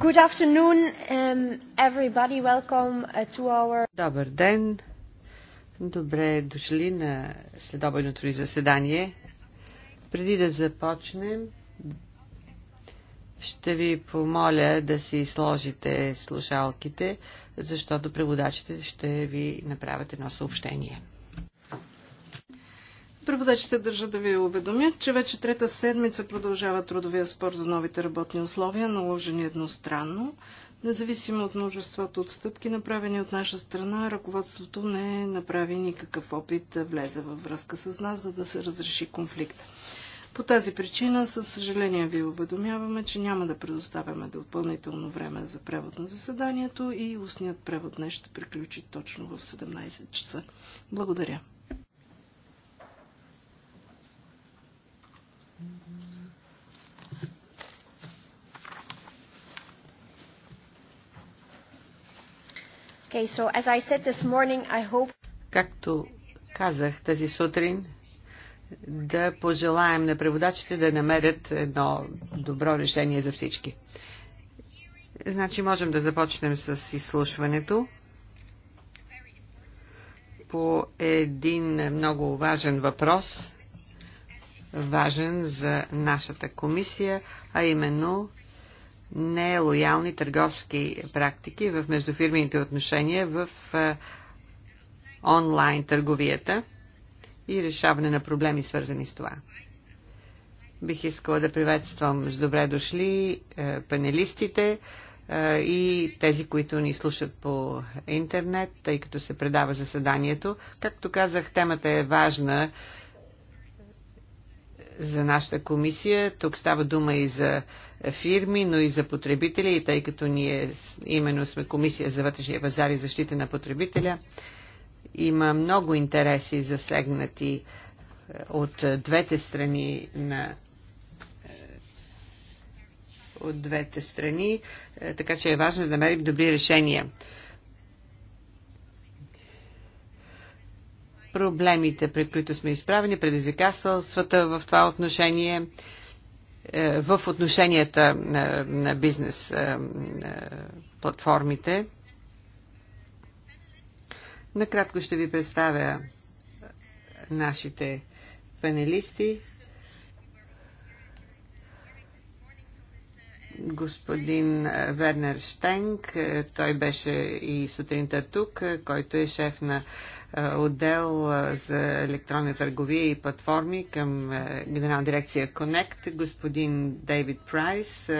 Good afternoon, um, everybody. Welcome uh, to our... Добър ден. Добре дошли на следобойното ви заседание. Преди да започнем, ще ви помоля да си сложите слушалките, защото преводачите ще ви направят едно съобщение. Преводачите държа да ви уведомят, че вече трета седмица продължава трудовия спор за новите работни условия, наложени едностранно. Независимо от множеството отстъпки, направени от наша страна, ръководството не е направи никакъв опит да влезе във връзка с нас, за да се разреши конфликта. По тази причина, със съжаление ви уведомяваме, че няма да предоставяме допълнително време за превод на заседанието и устният превод днес ще приключи точно в 17 часа. Благодаря. Okay, so as I said this morning, I hope... Както казах тази сутрин, да пожелаем на преводачите да намерят едно добро решение за всички. Значи можем да започнем с изслушването по един много важен въпрос, важен за нашата комисия, а именно нелоялни търговски практики в междуфирмените отношения в онлайн търговията и решаване на проблеми, свързани с това. Бих искала да приветствам с добре дошли панелистите и тези, които ни слушат по интернет, тъй като се предава заседанието. Както казах, темата е важна за нашата комисия. Тук става дума и за фирми, но и за потребители, и тъй като ние именно сме комисия за вътрешния пазар и защита на потребителя. Има много интереси засегнати е, от двете страни на е, от двете страни, е, така че е важно да намерим добри решения. Проблемите, пред които сме изправени, предизвикателствата в това отношение – е, в отношенията на бизнес е, платформите. Накратко ще ви представя нашите панелисти. господин Вернер Штенг, е, Той беше и сутринта тук, който е шеф на е, отдел е, за електронна търговия и платформи към е, Генерална дирекция Connect, господин Дейвид Прайс,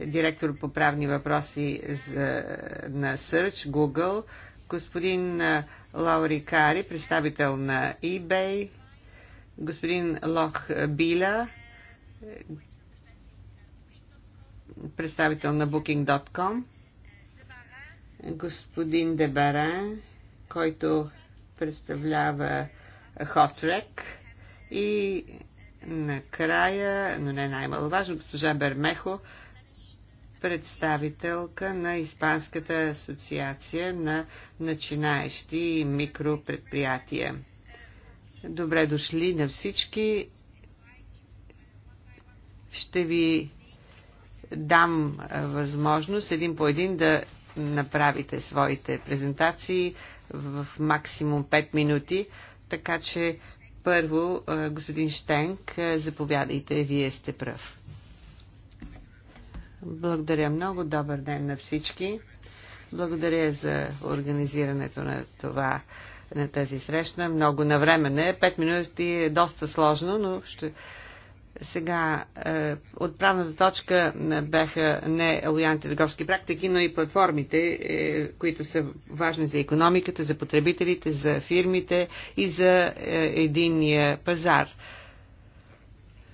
директор по правни въпроси за, на Search, Google, господин Лаури Кари, представител на eBay, господин Лох Биля, представител на Booking.com, господин Дебаран, който представлява Хотрек и накрая, но не най-маловажно, госпожа Бермехо, представителка на Испанската асоциация на начинаещи микропредприятия. Добре дошли на всички. Ще ви дам възможност един по един да направите своите презентации в максимум 5 минути. Така че първо, е, господин Штенк, е, заповядайте, вие сте пръв. Благодаря много. Добър ден на всички. Благодаря за организирането на това на тази срещна. Много навремене. Пет минути е доста сложно, но ще сега е, отправната точка беха не лоялните търговски практики, но и платформите, е, които са важни за економиката, за потребителите, за фирмите и за е, единния пазар.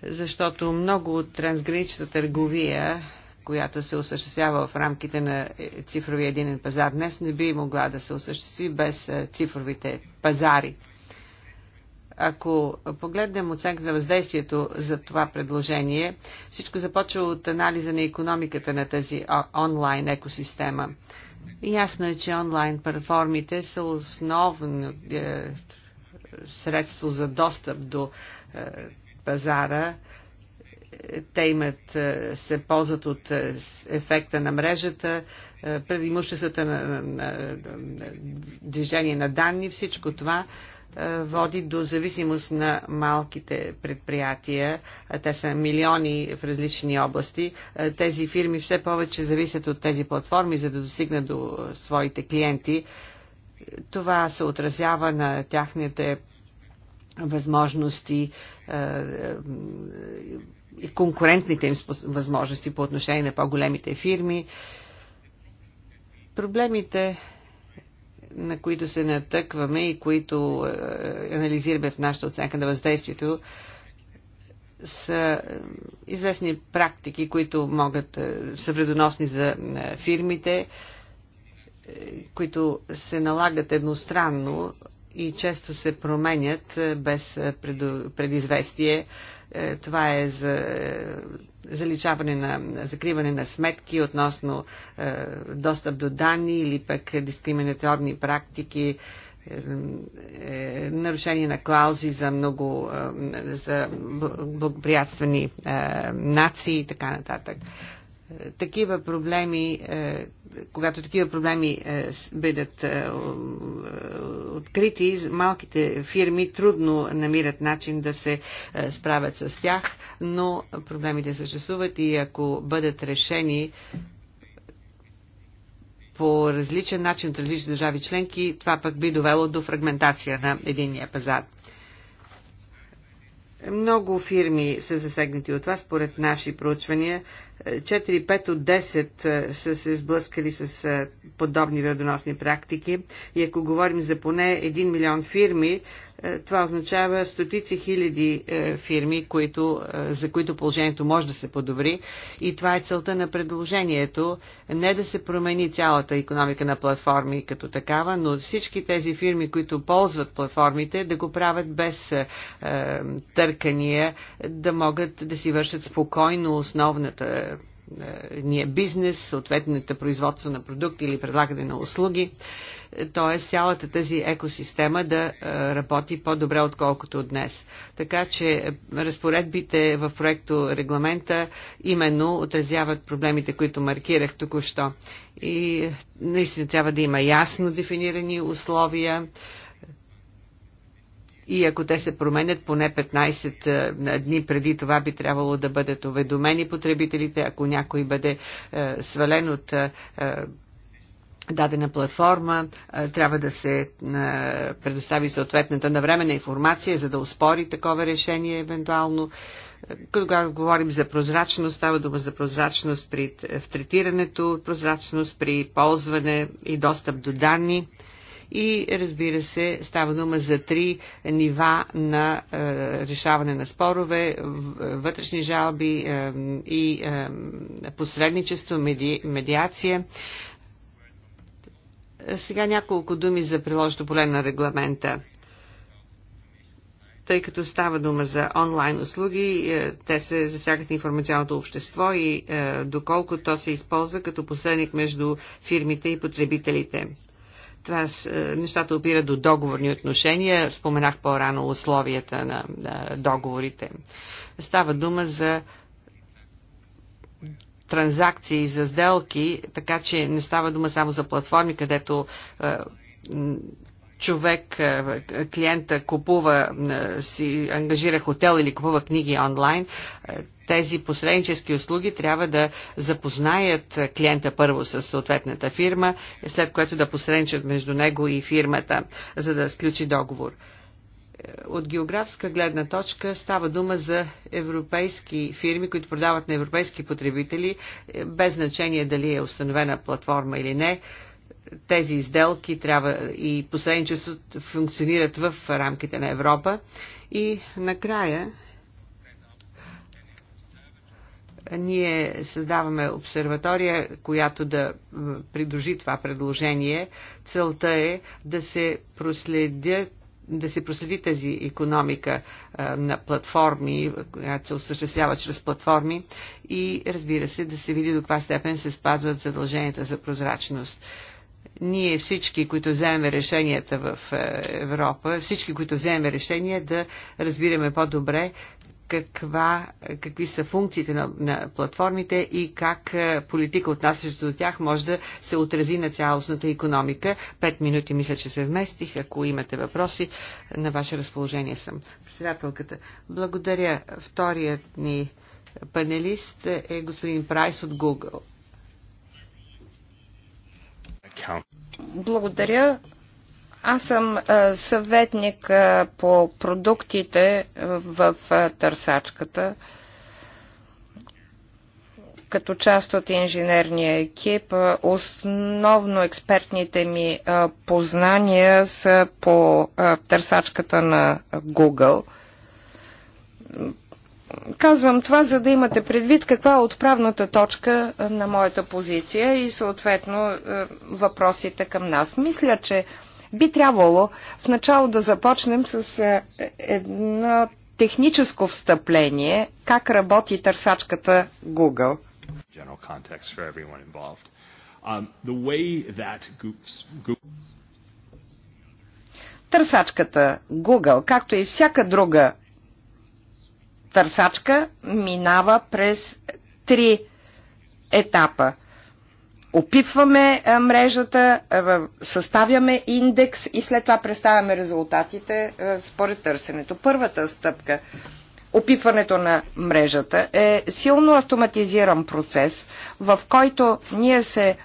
Защото много от трансграничната търговия която се осъществява в рамките на цифровия единен пазар днес, не би могла да се осъществи без цифровите пазари. Ако погледнем оценка на въздействието за това предложение, всичко започва от анализа на економиката на тази онлайн екосистема. Ясно е, че онлайн платформите са основно е, средство за достъп до е, пазара. Те имат, е, се ползват от е, ефекта на мрежата, е, предимуществата на, на, на, на движение на данни, всичко това. Е, е, води до зависимост на малките предприятия. Е, те са милиони в различни области. Е, тези фирми все повече зависят от тези платформи, за да достигнат до своите клиенти. Това се отразява на тяхните възможности и конкурентните им възможности по отношение на по-големите фирми. Проблемите на които се натъкваме и които е, анализираме в нашата оценка на въздействието, са е, известни практики, които могат е, са вредоносни за фирмите, които се налагат едностранно и често се променят без предизвестие. Това е за заличаване на закриване на сметки относно е, достъп до данни или пък дискриминаторни практики, е, е, нарушение на клаузи за много е, за благоприятствени е, нации и така нататък. Е, такива проблеми е, когато такива проблеми е, бъдат е, е, открити, малките фирми трудно намират начин да се справят с тях, но проблемите съществуват и ако бъдат решени по различен начин от различни държави членки, това пък би довело до фрагментация на единния пазар. Много фирми са засегнати от това, според наши проучвания. 4-5 от 10 са се сблъскали с подобни вредоносни практики. И ако говорим за поне 1 милион фирми, е, това означава стотици хиляди е, фирми, които, е, за които положението може да се подобри. И това е целта на предложението. Не да се промени цялата економика на платформи като такава, но всички тези фирми, които ползват платформите, да го правят без е, търкания, да могат да си вършат спокойно основната е, бизнес, съответната производство на продукти или предлагане на услуги т.е. цялата тази екосистема да е, работи по-добре, отколкото днес. Така че е, разпоредбите в проекто регламента именно отразяват проблемите, които маркирах току-що. И е, наистина трябва да има ясно дефинирани условия и ако те се променят поне 15 дни преди това би трябвало да бъдат уведомени потребителите, ако някой бъде е, свален от е, дадена платформа трябва да се предостави съответната навременна информация, за да успори такова решение евентуално. Когато говорим за прозрачност, става дума за прозрачност при, в третирането, прозрачност при ползване и достъп до данни. И разбира се, става дума за три нива на е, решаване на спорове, вътрешни жалби е, и е, посредничество, меди, медиация. Сега няколко думи за приложното поле на регламента. Тъй като става дума за онлайн услуги, е, те се засягат информационното общество и е, доколко то се използва като посредник между фирмите и потребителите. Това е, нещата опира до договорни отношения. Споменах по-рано условията на, на договорите. Става дума за транзакции, за сделки, така че не става дума само за платформи, където е, човек, е, клиента купува, е, си ангажира хотел или купува книги онлайн, тези посреднически услуги трябва да запознаят клиента първо с съответната фирма, след което да посредничат между него и фирмата, за да сключи договор от географска гледна точка става дума за европейски фирми, които продават на европейски потребители, е, без значение дали е установена платформа или не. Тези изделки трябва и посредничеството функционират в рамките на Европа. И накрая ние създаваме обсерватория, която да придружи това предложение. Целта е да се проследят да се проследи тази економика на платформи, която се осъществява чрез платформи и разбира се да се види до каква степен се спазват задълженията за прозрачност ние всички, които вземем решенията в е, Европа, всички, които вземем решения, да разбираме по-добре каква, какви са функциите на, на платформите и как е, политика, отнасяща до тях, може да се отрази на цялостната економика. Пет минути мисля, че се вместих. Ако имате въпроси, на ваше разположение съм. Председателката, благодаря. Вторият ни панелист е господин Прайс от Google. Благодаря. Аз съм съветник по продуктите в търсачката като част от инженерния екип. Основно експертните ми познания са по търсачката на Google. Казвам това, за да имате предвид каква е отправната точка на моята позиция и съответно въпросите към нас. Мисля, че би трябвало в начало да започнем с е, едно техническо встъпление как работи търсачката Google. Um, търсачката Google, както и всяка друга търсачка, минава през три етапа опипваме мрежата, съставяме индекс и след това представяме резултатите според търсенето. Първата стъпка опипването на мрежата е силно автоматизиран процес, в който ние се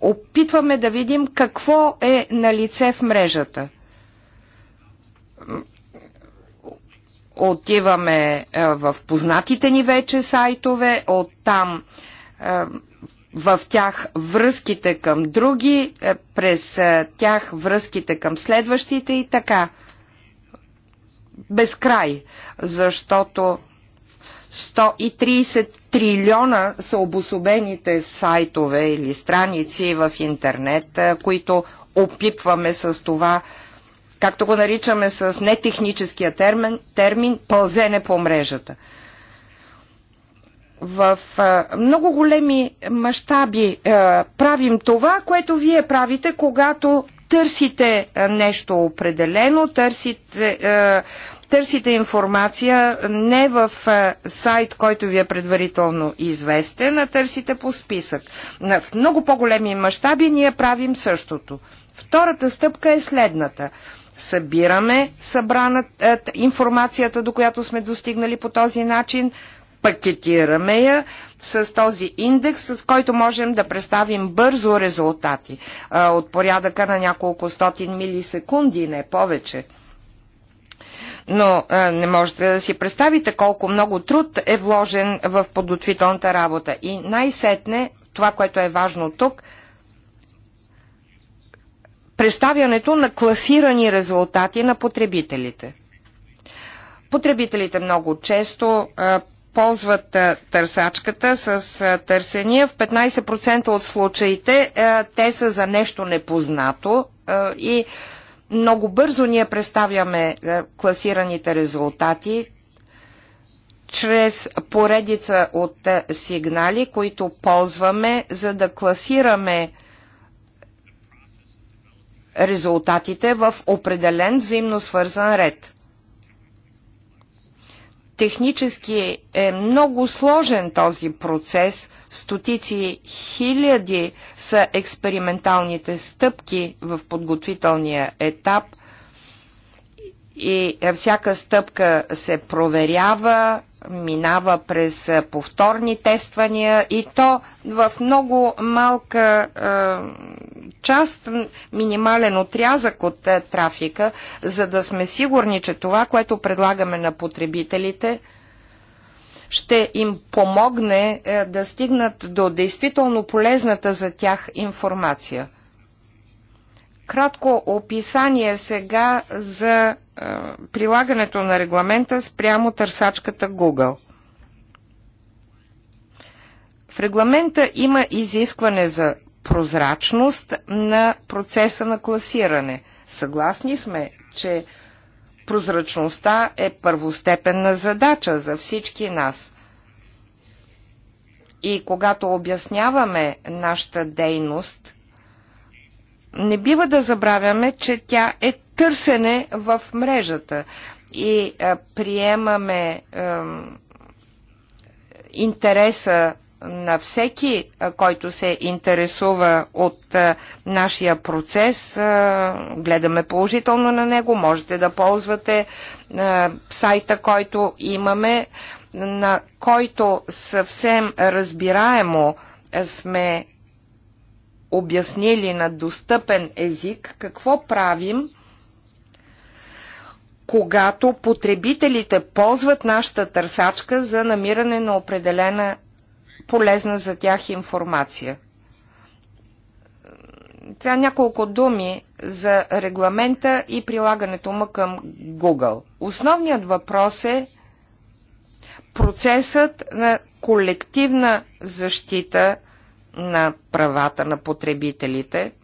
опитваме да видим какво е на лице в мрежата. Отиваме в познатите ни вече сайтове, оттам в тях връзките към други, е, през е, тях връзките към следващите и така. Безкрай, защото 130 трилиона са обособените сайтове или страници в интернет, е, които опипваме с това, както го наричаме с нетехническия термин, термин пълзене по мрежата – в много големи мащаби правим това, което вие правите, когато търсите нещо определено, търсите, търсите информация не в сайт, който ви е предварително известен, а търсите по списък. В много по-големи мащаби ние правим същото. Втората стъпка е следната събираме събрана, а, информацията, до която сме достигнали по този начин, пакетираме я с този индекс, с който можем да представим бързо резултати а, от порядъка на няколко стотин милисекунди, не повече. Но а, не можете да си представите колко много труд е вложен в подготвителната работа. И най-сетне, това, което е важно тук, представянето на класирани резултати на потребителите. Потребителите много често а, ползват търсачката с търсения. В 15% от случаите те са за нещо непознато и много бързо ние представяме класираните резултати чрез поредица от сигнали, които ползваме, за да класираме резултатите в определен взаимно свързан ред. Технически е много сложен този процес. Стотици хиляди са експерименталните стъпки в подготвителния етап и всяка стъпка се проверява, минава през повторни тествания и то в много малка е, част, минимален отрязък от е, трафика, за да сме сигурни, че това, което предлагаме на потребителите, ще им помогне е, да стигнат до действително полезната за тях информация. Кратко описание сега за е, прилагането на регламента спрямо търсачката Google. В регламента има изискване за прозрачност на процеса на класиране. Съгласни сме, че прозрачността е първостепенна задача за всички нас. И когато обясняваме нашата дейност, не бива да забравяме, че тя е търсене в мрежата. И а, приемаме а, интереса на всеки, а, който се интересува от а, нашия процес. А, гледаме положително на него. Можете да ползвате а, сайта, който имаме, на който съвсем разбираемо сме обяснили на достъпен език какво правим когато потребителите ползват нашата търсачка за намиране на определена полезна за тях информация. Сега няколко думи за регламента и прилагането му към Google. Основният въпрос е процесът на колективна защита на правата на потребителите –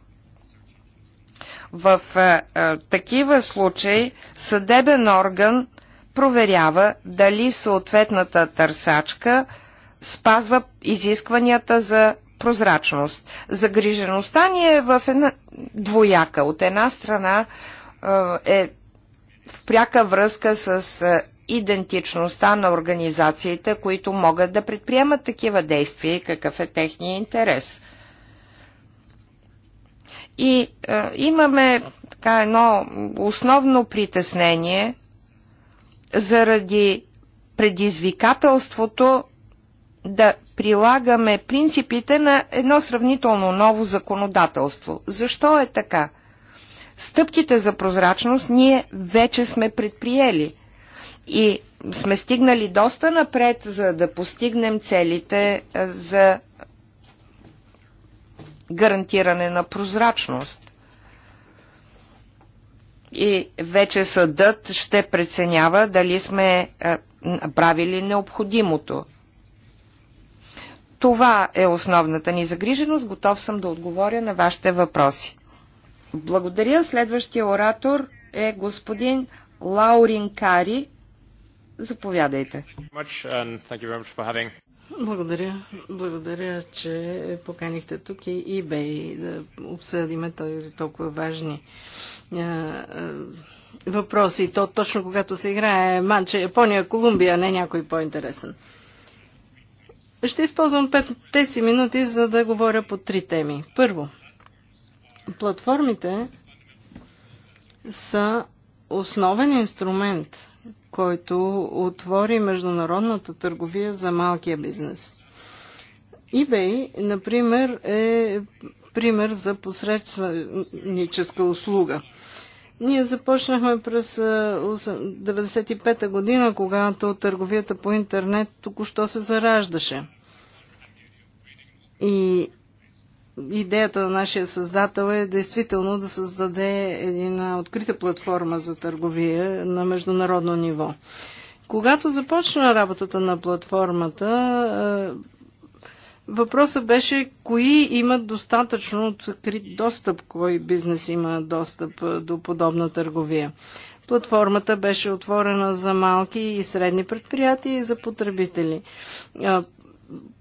в а, е, а, е, такива случаи съдебен орган проверява дали съответната търсачка спазва изискванията за прозрачност. Загрижеността ни е в една двояка. От една страна е, е в пряка връзка с идентичността на организациите, които могат да предприемат такива действия и какъв е техния интерес – и е, имаме така едно основно притеснение заради предизвикателството да прилагаме принципите на едно сравнително ново законодателство. Защо е така? Стъпките за прозрачност ние вече сме предприели и сме стигнали доста напред, за да постигнем целите е, за гарантиране на прозрачност. И вече съдът ще преценява дали сме е, правили необходимото. Това е основната ни загриженост. Готов съм да отговоря на вашите въпроси. Благодаря. Следващия оратор е господин Лаурин Кари. Заповядайте. Благодаря. Благодаря, че поканихте тук и eBay да обсъдиме този толкова важни въпроси. То точно когато се играе Манче, Япония, Колумбия, не някой по-интересен. Ще използвам 5-10 минути, за да говоря по три теми. Първо, платформите са основен инструмент който отвори международната търговия за малкия бизнес. eBay, например, е пример за посредническа услуга. Ние започнахме през 1995 година, когато търговията по интернет току-що се зараждаше. И идеята на нашия създател е действително да създаде една открита платформа за търговия на международно ниво. Когато започна работата на платформата, е, въпросът беше кои имат достатъчно открит достъп, кой бизнес има достъп е, до подобна търговия. Платформата беше отворена за малки и средни предприятия и за потребители. Е,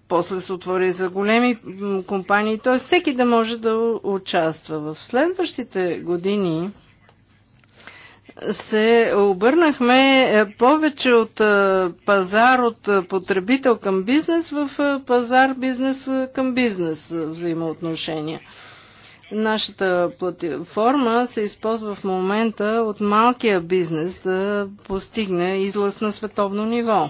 после се отвори за големи компании, т.е. всеки да може да участва. В следващите години се обърнахме е, повече от е, пазар от е, потребител към бизнес в пазар бизнес към бизнес взаимоотношения. Нашата платформа се използва в момента от малкия бизнес да постигне излъз на световно ниво.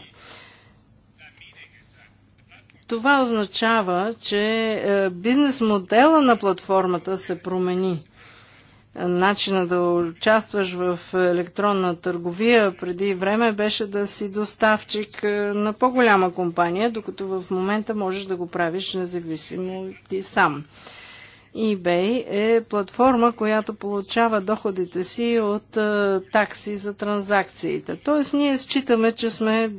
Това означава, че е, бизнес модела на платформата се промени. Начина да участваш в електронна търговия преди време беше да си доставчик е, на по-голяма компания, докато в момента можеш да го правиш независимо ти сам eBay е платформа, която получава доходите си от е, такси за транзакциите. Тоест ние считаме, че сме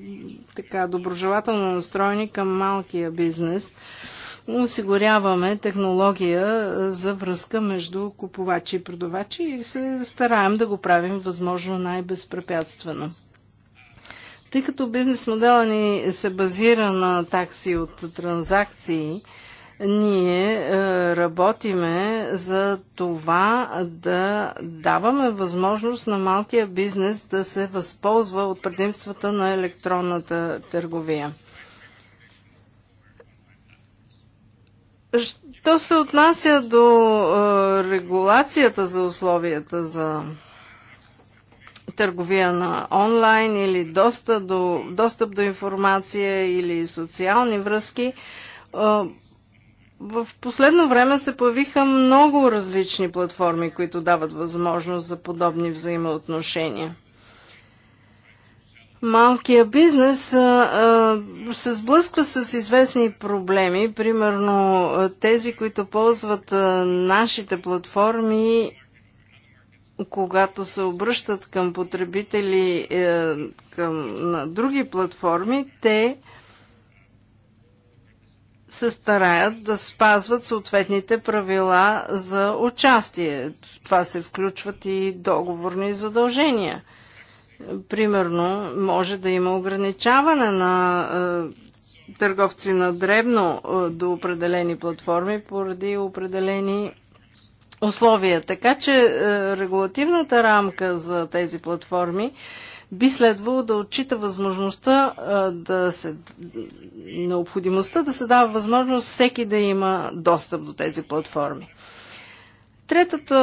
така доброжелателно настроени към малкия бизнес. Осигуряваме технология е, за връзка между купувачи и продавачи и се стараем да го правим възможно най-безпрепятствено. Тъй като бизнес модела ни се базира на такси от транзакции, ние е, работиме за това да даваме възможност на малкия бизнес да се възползва от предимствата на електронната търговия. Що се отнася до е, регулацията за условията за търговия на онлайн или достъп до, достъп до информация или социални връзки, е, в последно време се появиха много различни платформи, които дават възможност за подобни взаимоотношения. Малкия бизнес а, а, се сблъсква с известни проблеми. Примерно тези, които ползват а, нашите платформи, когато се обръщат към потребители а, е, към, на други платформи, те а, се стараят да спазват съответните правила за участие. Това се включват и договорни задължения. Примерно, може да има ограничаване на е, търговци на дребно е, до определени платформи поради определени условия. Така че е, регулативната рамка за тези платформи би следвало да отчита възможността е, да се, необходимостта да се дава възможност всеки да има достъп до тези платформи. Третата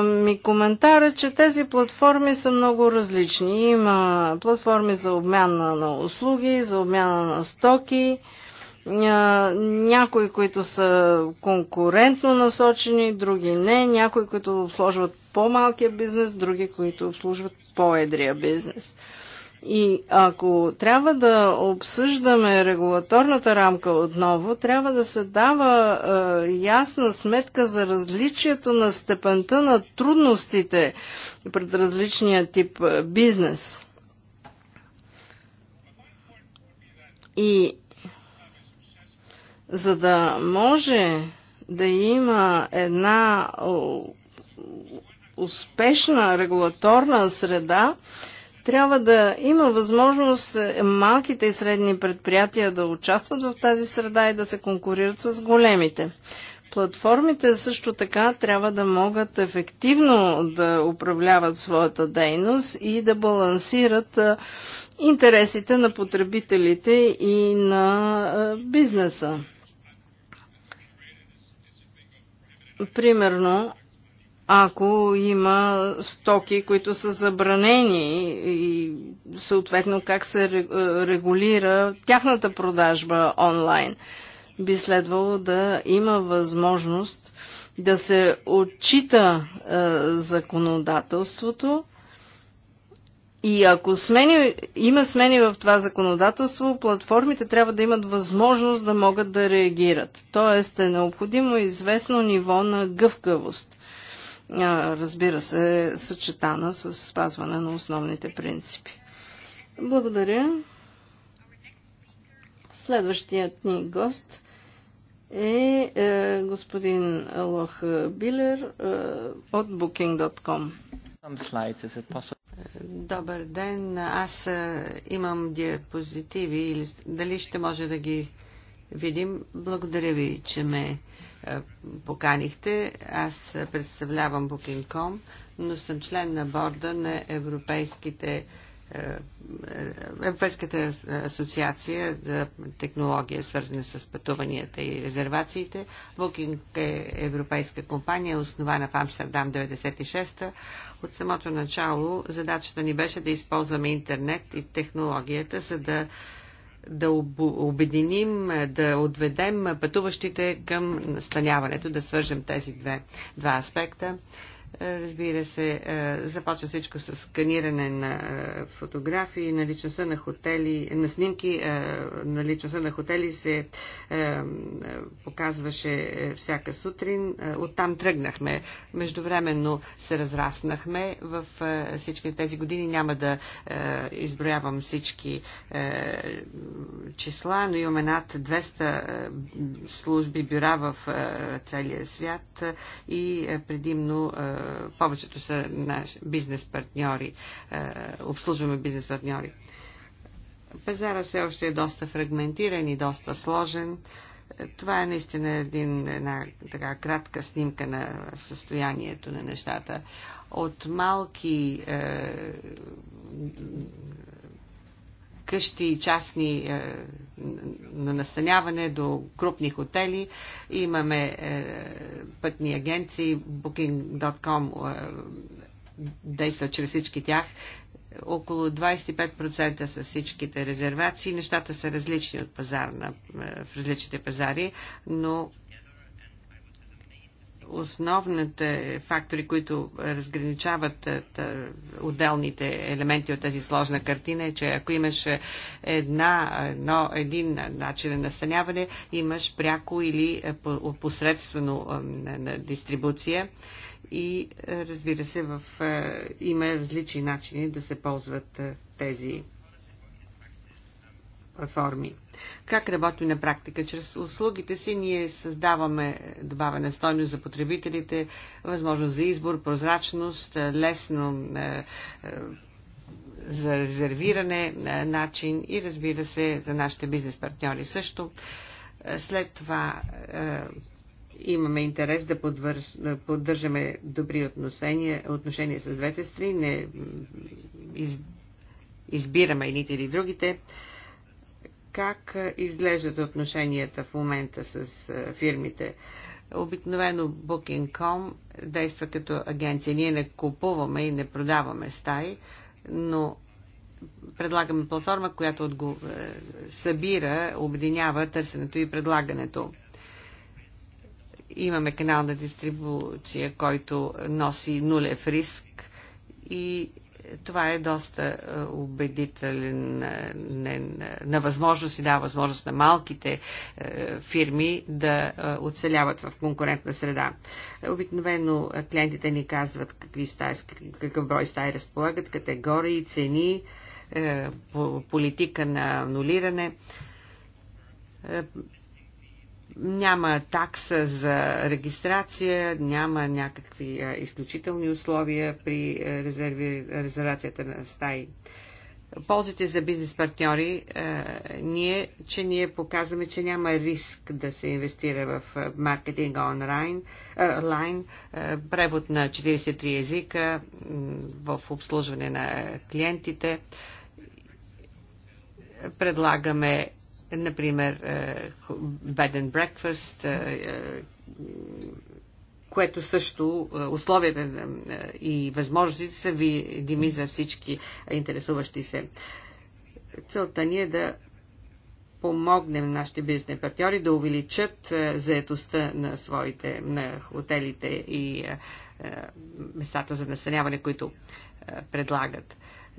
е, ми коментар е, че тези платформи са много различни. Има платформи за обмяна на услуги, за обмяна на стоки, някои, които са конкурентно насочени, други не, някои, които обслужват по-малкия бизнес, други, които обслужват по-едрия бизнес. И ако трябва да обсъждаме регулаторната рамка отново, трябва да се дава е, ясна сметка за различието на степента на трудностите пред различния тип бизнес. И за да може да има една успешна регулаторна среда, трябва да има възможност е, малките и средни предприятия да участват в тази среда и да се конкурират с големите. Платформите също така трябва да могат ефективно да управляват своята дейност и да балансират е, интересите на потребителите и на е, бизнеса. Примерно, ако има стоки, които са забранени и съответно как се е, регулира тяхната продажба онлайн, би следвало да има възможност да се отчита е, законодателството и ако смени, има смени в това законодателство, платформите трябва да имат възможност да могат да реагират. Тоест е необходимо известно ниво на гъвкавост. Разбира се, съчетана с спазване на основните принципи. Благодаря. Следващият ни гост е, е господин Лох Билер е, от booking.com. Добър ден. Аз имам диапозитиви. Или, дали ще може да ги видим? Благодаря ви, че ме поканихте. Аз представлявам Booking.com, но съм член на борда на европейските Европейската асоциация за технология, свързана с пътуванията и резервациите. Booking е европейска компания, основана в Амстердам 96-та от самото начало задачата ни беше да използваме интернет и технологията, за да да обединим, да отведем пътуващите към настаняването, да свържем тези две, два аспекта. Разбира се, е, започва всичко с сканиране на е, фотографии, на личността на хотели, на снимки, е, на личността на хотели се показваше всяка сутрин. Оттам тръгнахме. Междувременно се разраснахме в всички тези години. Няма да изброявам всички числа, но имаме над 200 служби, бюра в целия свят и предимно повечето са наши бизнес партньори, е, обслужваме бизнес партньори. Пазара все още е доста фрагментиран и доста сложен. Е, това е наистина един, една така кратка снимка на състоянието на нещата. От малки е, къщи частни е, на настаняване до крупни хотели. Имаме е, пътни агенции, booking.com е, действа чрез всички тях. Около 25% са всичките резервации. Нещата са различни от пазарна, е, в различните пазари, но основните фактори, които разграничават е, е, отделните елементи от тази сложна картина е, че ако имаш една, едно, един начин на настаняване, имаш пряко или е, посредствено дистрибуция и разбира се, в, има различни начини да се ползват тези платформи. Как работим на практика? Чрез услугите си ние създаваме добавена стойност за потребителите, възможност за избор, прозрачност, е, лесно е, е, за резервиране е, начин и разбира се за нашите бизнес партньори също. Е, след това е, имаме интерес да подвърж, поддържаме добри отношения, отношения с двете страни, не из, избираме едните или другите как изглеждат отношенията в момента с фирмите. Обикновено Booking.com действа като агенция. Ние не купуваме и не продаваме стаи, но предлагаме платформа, която отго... събира, обединява търсенето и предлагането. Имаме канал на дистрибуция, който носи нулев риск и това е доста е, убедителен е, е, на възможност и дава възможност на малките фирми да оцеляват в конкурентна среда. Обикновено клиентите ни казват какви стаи, какъв брой стаи разполагат, категории, цени, политика на анулиране няма такса за регистрация, няма някакви изключителни условия при резерви, резервацията на стаи. Ползите за бизнес партньори ние, че ние показваме, че няма риск да се инвестира в маркетинг онлайн, лайн, превод на 43 езика в обслужване на клиентите. Предлагаме например, е, bed and breakfast, е, е, което също условията и възможностите са видими за всички интересуващи се. Целта ни е да помогнем нашите бизнес партньори да увеличат заетостта на своите, на хотелите и местата за настаняване, които предлагат.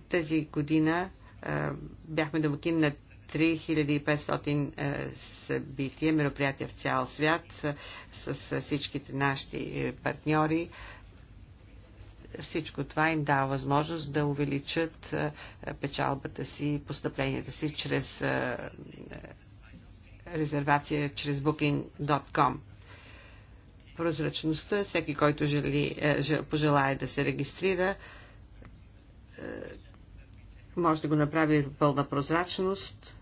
Тази година бяхме домакин на 3500 е, събития, мероприятия в цял свят е, с всичките наши е, партньори. Всичко това им дава възможност да увеличат печалбата си, постъпленията си чрез резервация чрез booking.com прозрачността, всеки, който жели, пожелая да се регистрира, може да го направи пълна прозрачност.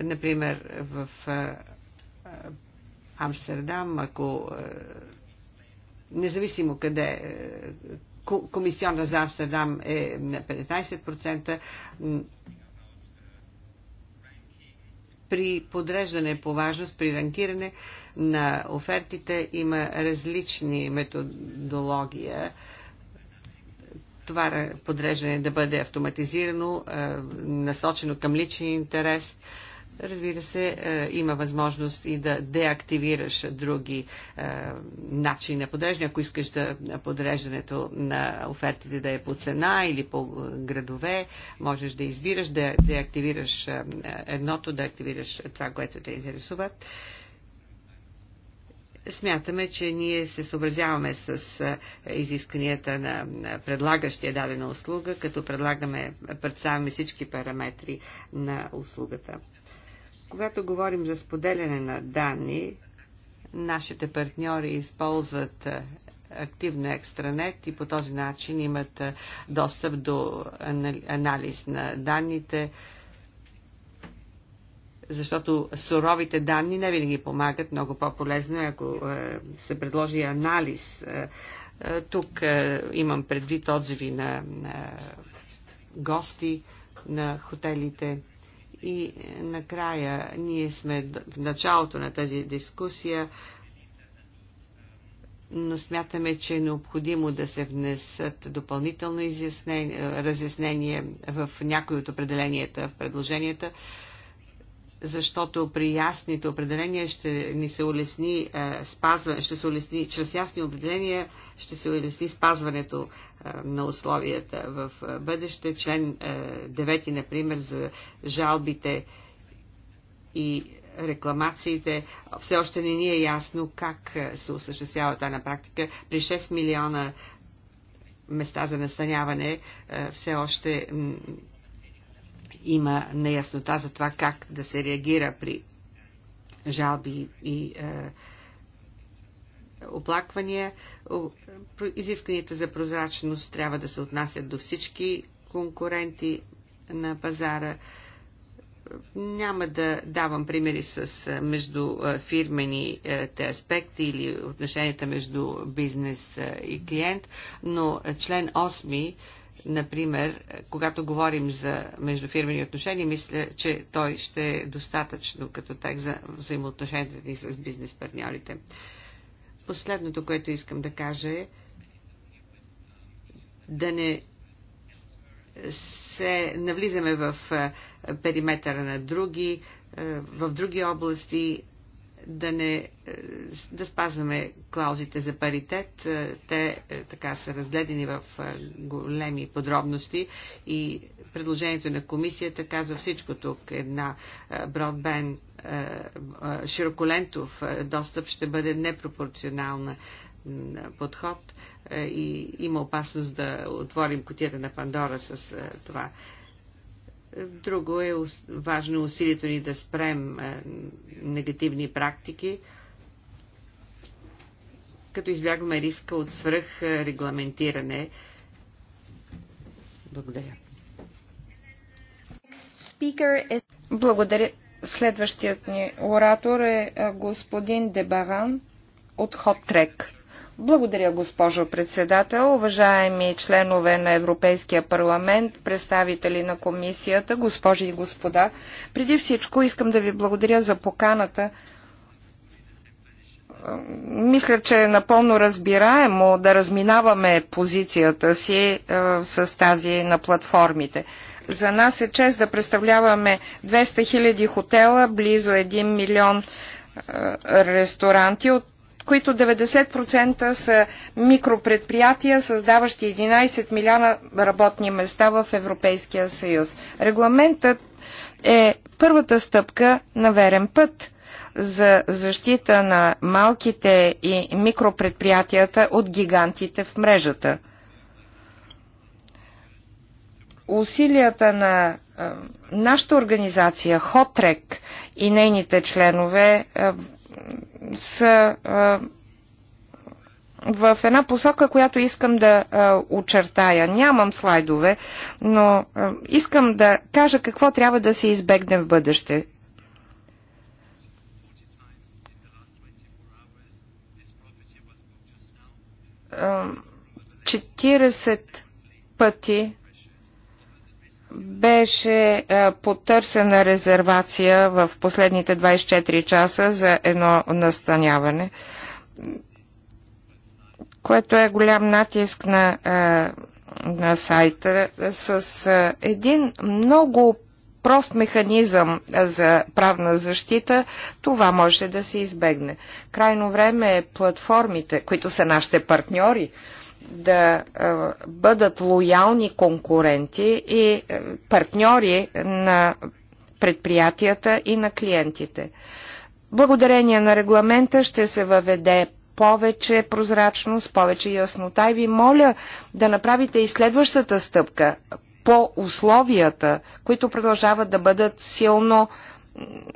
Например, в Амстердам, ако независимо къде комисионна за Амстердам е на 15%, при подреждане по важност, при ранкиране на офертите има различни методология. Това подреждане да бъде автоматизирано, насочено към личен интерес – Разбира се, е, има възможност и да деактивираш други е, начини на подреждане, ако искаш да подреждането на офертите да е по цена или по градове, можеш да избираш да деактивираш е, едното, да активираш това, което те интересува смятаме, че ние се съобразяваме с изисканията на предлагащия дадена услуга, като предлагаме, представяме всички параметри на услугата. Когато говорим за споделяне на данни, нашите партньори използват е, активно екстранет и по този начин имат е, достъп до анализ на данните, защото суровите данни не винаги помагат. Много по-полезно е, ако се предложи анализ. Е, тук имам предвид отзиви на гости на хотелите. И накрая, ние сме в началото на тази дискусия, но смятаме, че е необходимо да се внесат допълнително разяснение в някои от определенията в предложенията, защото при ясните определения ще ни се улесни е, спазване, ще се улесни, чрез ясни определения ще се улесни спазването е, на условията в е, бъдеще. Член е, 9, например, за жалбите и рекламациите. Все още не ни е ясно как е, се осъществява тази на практика. При 6 милиона места за настаняване е, все още има неяснота за това как да се реагира при жалби и е, оплаквания. Изискванията за прозрачност трябва да се отнасят до всички конкуренти на пазара. Няма да давам примери с е, междуфирмените е, е, аспекти или отношенията между бизнес и клиент, но член 8 Например, когато говорим за междуфирмени отношения, мисля, че той ще е достатъчно като текст за взаимоотношенията ни с бизнес партньорите. Последното, което искам да кажа е да не се навлизаме в периметъра на други, в други области, да не е, да спазваме клаузите за паритет. Е, те е, така са разгледани в големи подробности и предложението на комисията казва всичко тук. Една бродбен широколентов достъп ще бъде непропорционална подход и има опасност да отворим котията на Пандора с това. Друго е важно е усилието ни да спрем негативни практики, като избягваме риска от свръхрегламентиране. Благодаря. Благодаря. Следващият ни оратор е господин Дебаран от Хоттрек. Благодаря, госпожо председател. Уважаеми членове на Европейския парламент, представители на комисията, госпожи и господа, преди всичко искам да ви благодаря за поканата. Мисля, че е напълно разбираемо да разминаваме позицията си е, с тази на платформите. За нас е чест да представляваме 200 000 хотела, близо 1 милион е, ресторанти от които 90% са микропредприятия, създаващи 11 милиона работни места в Европейския съюз. Регламентът е първата стъпка на верен път за защита на малките и микропредприятията от гигантите в мрежата. Усилията на нашата организация Хотрек и нейните членове са в една посока, която искам да а, очертая. Нямам слайдове, но а, искам да кажа какво трябва да се избегне в бъдеще. А, 40 пъти беше потърсена резервация в последните 24 часа за едно настаняване, което е голям натиск на, на сайта с един много прост механизъм за правна защита, това може да се избегне. Крайно време е платформите, които са нашите партньори, да бъдат лоялни конкуренти и е, партньори на предприятията и на клиентите. Благодарение на регламента ще се въведе повече прозрачност, повече яснота и ви моля да направите и следващата стъпка по условията, които продължават да бъдат силно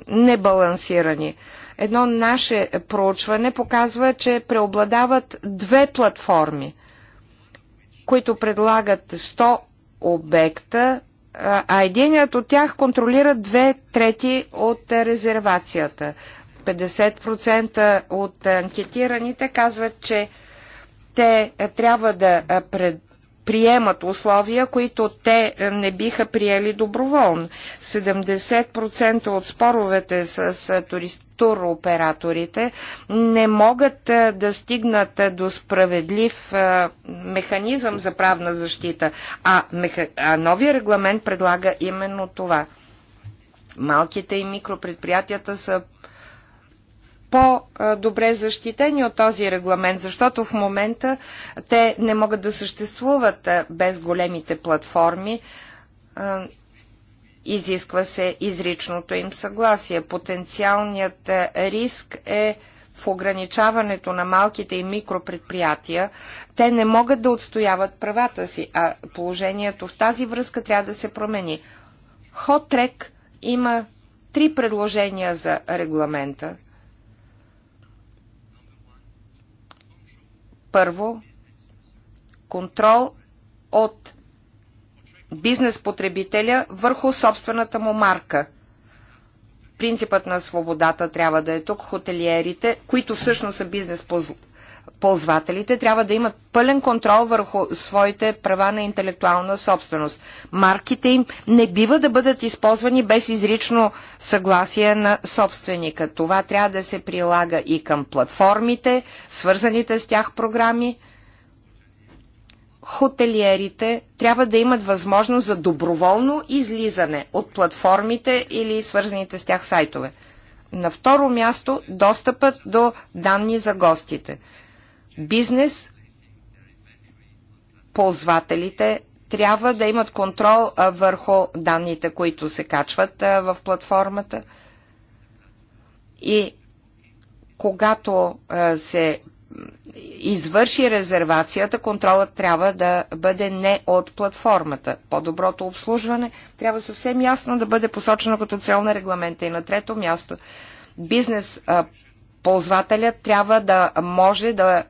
небалансирани. Едно наше проучване показва, че преобладават две платформи които предлагат 100 обекта, а единият от тях контролира две трети от резервацията. 50% от анкетираните казват, че те трябва да пред приемат условия, които те е, не биха приели доброволно. 70% от споровете с е, туроператорите не могат е, да стигнат до справедлив механизъм за правна защита, а, меха... а новия регламент предлага именно това. Малките и микропредприятията са по-добре защитени от този регламент, защото в момента те не могат да съществуват без големите платформи. Изисква се изричното им съгласие. Потенциалният риск е в ограничаването на малките и микропредприятия, те не могат да отстояват правата си, а положението в тази връзка трябва да се промени. Хотрек има три предложения за регламента. Първо, контрол от бизнес потребителя върху собствената му марка. Принципът на свободата трябва да е тук. Хотелиерите, които всъщност са бизнес ползвателите трябва да имат пълен контрол върху своите права на интелектуална собственост. Марките им не бива да бъдат използвани без изрично съгласие на собственика. Това трябва да се прилага и към платформите, свързаните с тях програми. Хотелиерите трябва да имат възможност за доброволно излизане от платформите или свързаните с тях сайтове. На второ място достъпът до данни за гостите бизнес, ползвателите трябва да имат контрол върху данните, които се качват в платформата. И когато се извърши резервацията, контролът трябва да бъде не от платформата. По-доброто обслужване трябва съвсем ясно да бъде посочено като цел на регламента. И на трето място, бизнес ползвателят трябва да може да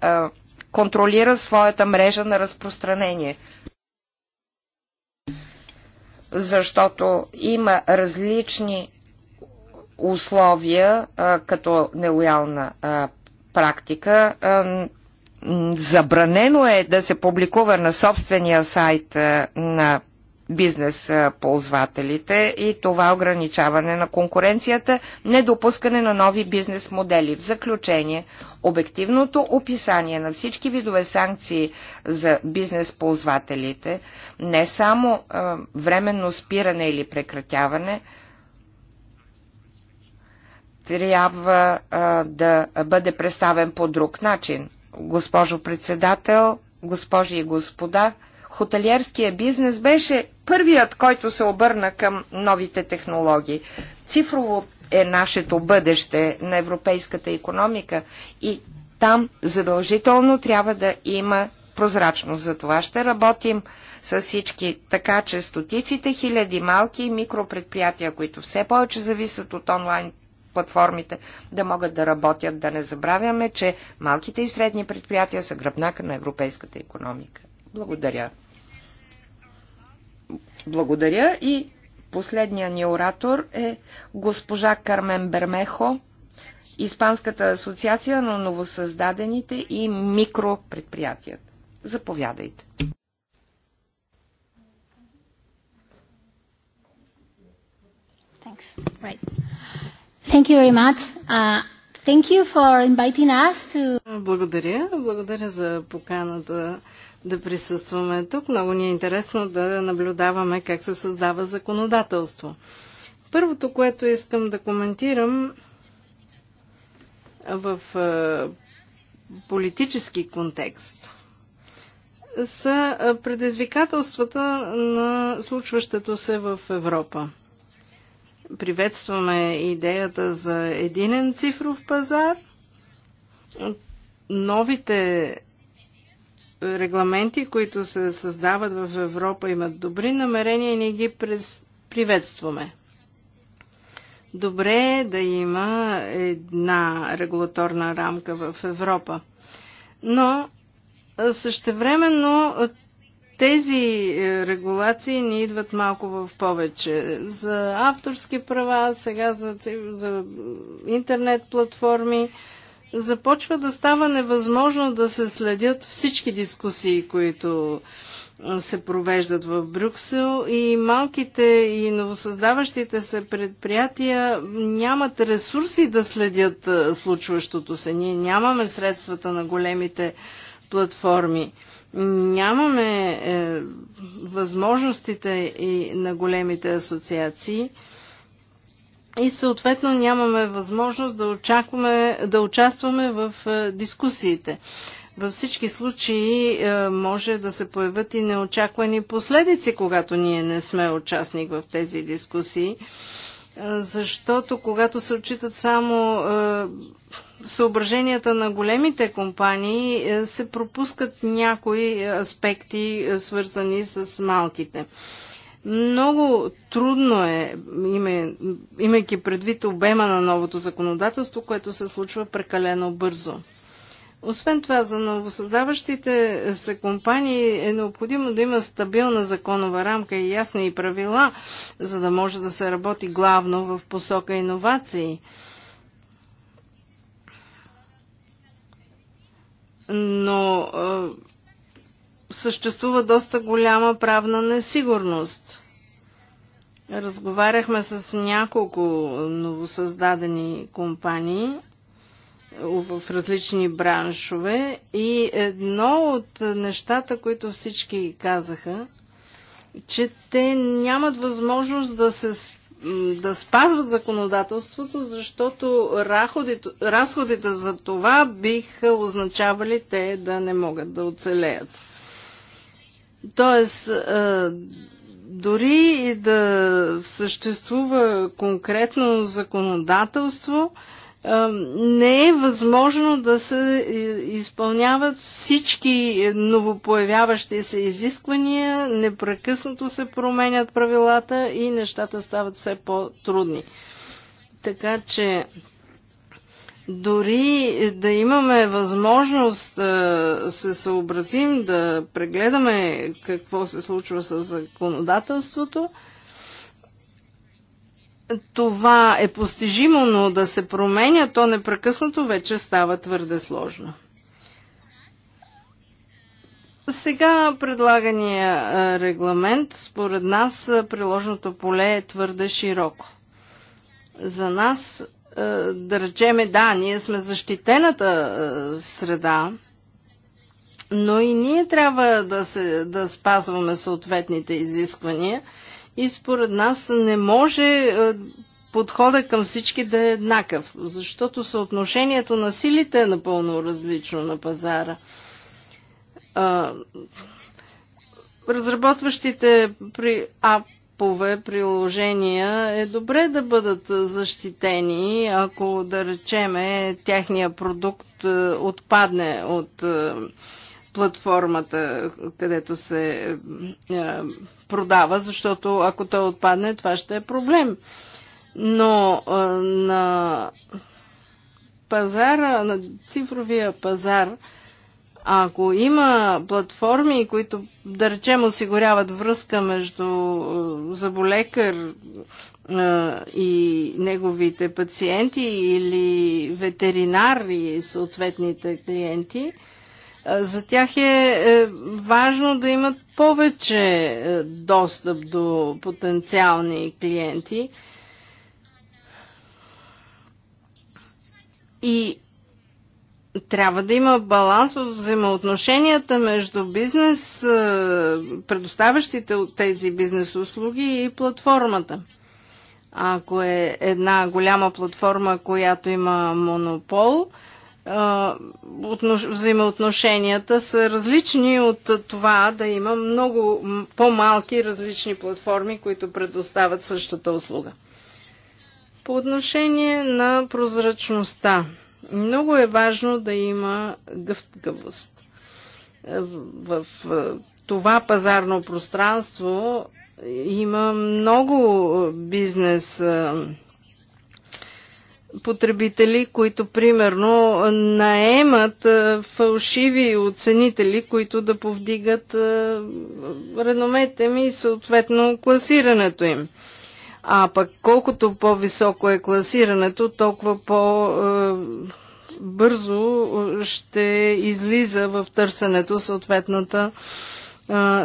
контролира своята мрежа на разпространение. Защото има различни условия като нелоялна практика. Забранено е да се публикува на собствения сайт на бизнес ползвателите и това ограничаване на конкуренцията, недопускане на нови бизнес модели. В заключение, обективното описание на всички видове санкции за бизнес ползвателите, не само а, временно спиране или прекратяване, трябва а, да бъде представен по друг начин. Госпожо председател, госпожи и господа, хотелиерския бизнес беше първият, който се обърна към новите технологии. Цифрово е нашето бъдеще на европейската економика и там задължително трябва да има прозрачност. За това ще работим с всички, така че стотиците хиляди малки и микропредприятия, които все повече зависят от онлайн платформите, да могат да работят. Да не забравяме, че малките и средни предприятия са гръбнака на европейската економика. Благодаря. Благодаря и последния ни оратор е госпожа Кармен Бермехо, Испанската асоциация на новосъздадените и микропредприятията. Заповядайте. Thanks. Right. Thank you very much. Uh, thank you for inviting us to... Благодаря. Благодаря за поканата да присъстваме тук. Много ни е интересно да наблюдаваме как се създава законодателство. Първото, което искам да коментирам в е, политически контекст, са е, предизвикателствата на случващото се в Европа. Приветстваме идеята за единен цифров пазар. Новите регламенти, които се създават в Европа, имат добри намерения и ние ги приветстваме. Добре е да има една регулаторна рамка в Европа. Но същевременно тези е, регулации ни идват малко в повече. За авторски права, сега за, за интернет платформи, започва да става невъзможно да се следят всички дискусии, които се провеждат в Брюксел и малките и новосъздаващите се предприятия нямат ресурси да следят случващото се. Ние нямаме средствата на големите платформи. Нямаме е, възможностите и на големите асоциации и съответно нямаме възможност да, очакваме, да участваме в е, дискусиите. Във всички случаи е, може да се появят и неочаквани последици, когато ние не сме участник в тези дискусии, е, защото когато се отчитат само съображенията на големите компании, се пропускат някои аспекти, свързани с малките. Много трудно е, имайки предвид обема на новото законодателство, което се случва прекалено бързо. Освен това, за новосъздаващите се компании е необходимо да има стабилна законова рамка и ясни и правила, за да може да се работи главно в посока иновации. Но съществува доста голяма правна несигурност. Разговаряхме с няколко новосъздадени компании в различни браншове и едно от нещата, които всички казаха, че те нямат възможност да се да спазват законодателството, защото разходите за това биха означавали те да не могат да оцелеят. Тоест, дори и да съществува конкретно законодателство, не е възможно да се изпълняват всички новопоявяващи се изисквания, непрекъснато се променят правилата и нещата стават все по-трудни. Така че дори да имаме възможност да е, се съобразим, да прегледаме какво се случва с законодателството, това е постижимо, но да се променя то непрекъснато вече става твърде сложно. Сега предлагания е, регламент, според нас, е, приложното поле е твърде широко. За нас е, да речеме, да, ние сме защитената е, среда, но и ние трябва да, се, да спазваме съответните изисквания и според нас не може е, подхода към всички да е еднакъв, защото съотношението на силите е напълно различно на пазара. Разработващите при, а, апове, приложения, е добре да бъдат защитени, ако, да речеме, тяхния продукт е, отпадне от е, платформата, където се е, продава, защото ако той отпадне, това ще е проблем. Но на пазара, на цифровия пазар, ако има платформи, които, да речем, осигуряват връзка между е, заболекар е, и неговите пациенти или ветеринар и съответните клиенти, е, за тях е важно да имат повече достъп до потенциални клиенти. И трябва да има баланс в взаимоотношенията между бизнес, е, предоставящите от тези бизнес услуги и платформата. Ако е една голяма платформа, която има монопол, е, взаимоотношенията са различни от това да има много по-малки различни платформи, които предоставят същата услуга. По отношение на прозрачността. Много е важно да има гъвкавост. В това пазарно пространство има много бизнес потребители, които примерно наемат фалшиви оценители, които да повдигат реномете ми и съответно класирането им. А пък колкото по-високо е класирането, толкова по-бързо е, ще излиза в търсенето съответната е,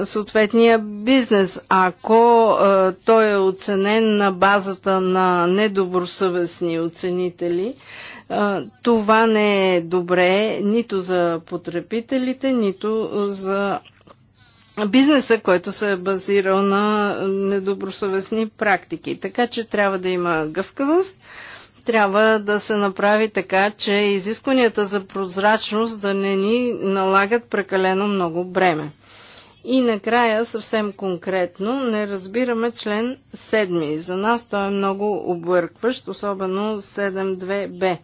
съответния бизнес. Ако е, той е оценен на базата на недобросъвестни оценители, това не е добре нито за потребителите, нито за бизнеса, който се е базирал на недобросъвестни практики. Така че трябва да има гъвкавост, трябва да се направи така, че изискванията за прозрачност да не ни налагат прекалено много бреме. И накрая, съвсем конкретно, не разбираме член 7. За нас той е много объркващ, особено 7.2b.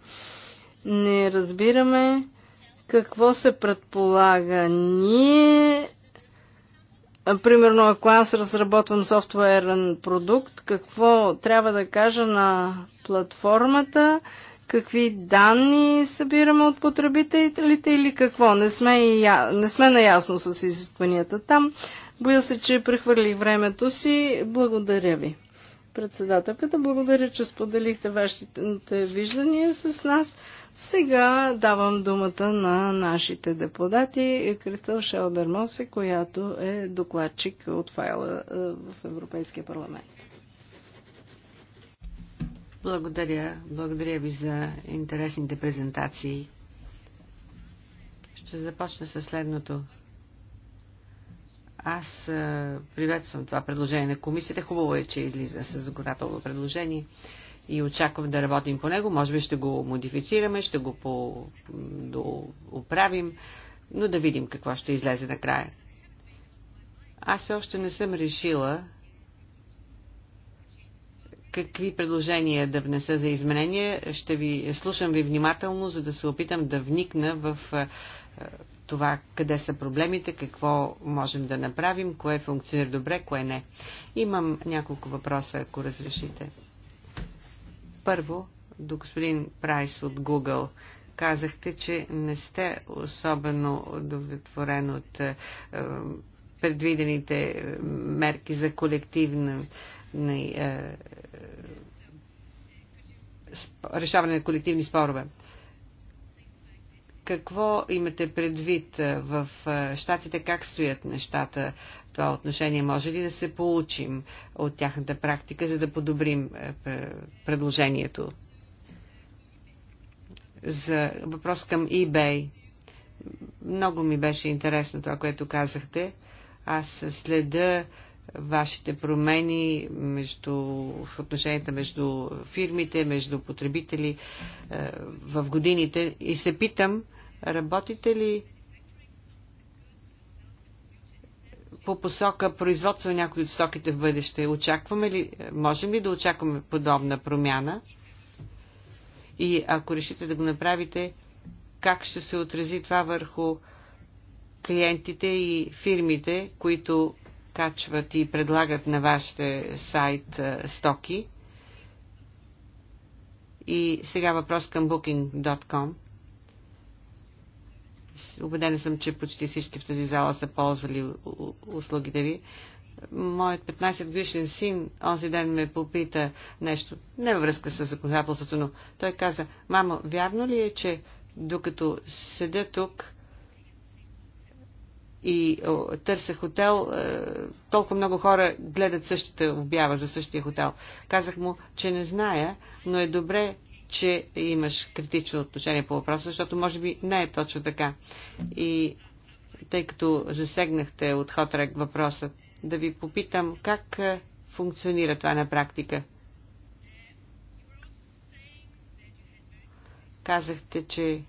Не разбираме какво се предполага. Ние Примерно, ако аз разработвам софтуерен продукт, какво трябва да кажа на платформата, какви данни събираме от потребителите или какво. Не сме, и я... не сме наясно с изискванията там. Боя се, че прехвърлих времето си. Благодаря ви. Председателката, благодаря, че споделихте вашите виждания с нас. Сега давам думата на нашите депутати Кристал Шелдермосе, която е докладчик от файла е, в Европейския парламент. Благодаря. Благодаря ви за интересните презентации. Ще започна с следното. Аз е, приветствам това предложение на комисията. Хубаво е, че излиза с законодателно предложение и очаквам да работим по него. Може би ще го модифицираме, ще го по... оправим, но да видим какво ще излезе накрая. Аз още не съм решила какви предложения да внеса за изменения. Ще ви слушам ви внимателно, за да се опитам да вникна в това къде са проблемите, какво можем да направим, кое функционира добре, кое не. Имам няколко въпроса, ако разрешите. Първо, до господин Прайс от Google. Казахте, че не сте особено удовлетворен от е, предвидените е, мерки за колективна е, решаване на колективни спорове. Какво имате предвид е, в е, щатите? Как стоят нещата това отношение? Може ли да се получим от тяхната практика, за да подобрим е, предложението? За въпрос към eBay. Много ми беше интересно това, което казахте. Аз следа вашите промени между, в отношенията между фирмите, между потребители е, в годините и се питам, работите ли по посока производство на някои от стоките в бъдеще? Очакваме ли, можем ли да очакваме подобна промяна? И ако решите да го направите, как ще се отрази това върху клиентите и фирмите, които качват и предлагат на вашите сайт стоки? И сега въпрос към booking.com. Убеден съм, че почти всички в тази зала са ползвали услугите ви. Моят 15 годишен син онзи ден ме попита нещо, не във връзка с законодателството, но той каза, мамо, вярно ли е, че докато седя тук, и търся хотел, е, толкова много хора гледат същата обява за същия хотел. Казах му, че не зная, но е добре че имаш критично отношение по въпроса, защото може би не е точно така. И тъй като засегнахте от Хотрек въпроса, да ви попитам как функционира това на практика. Казахте, че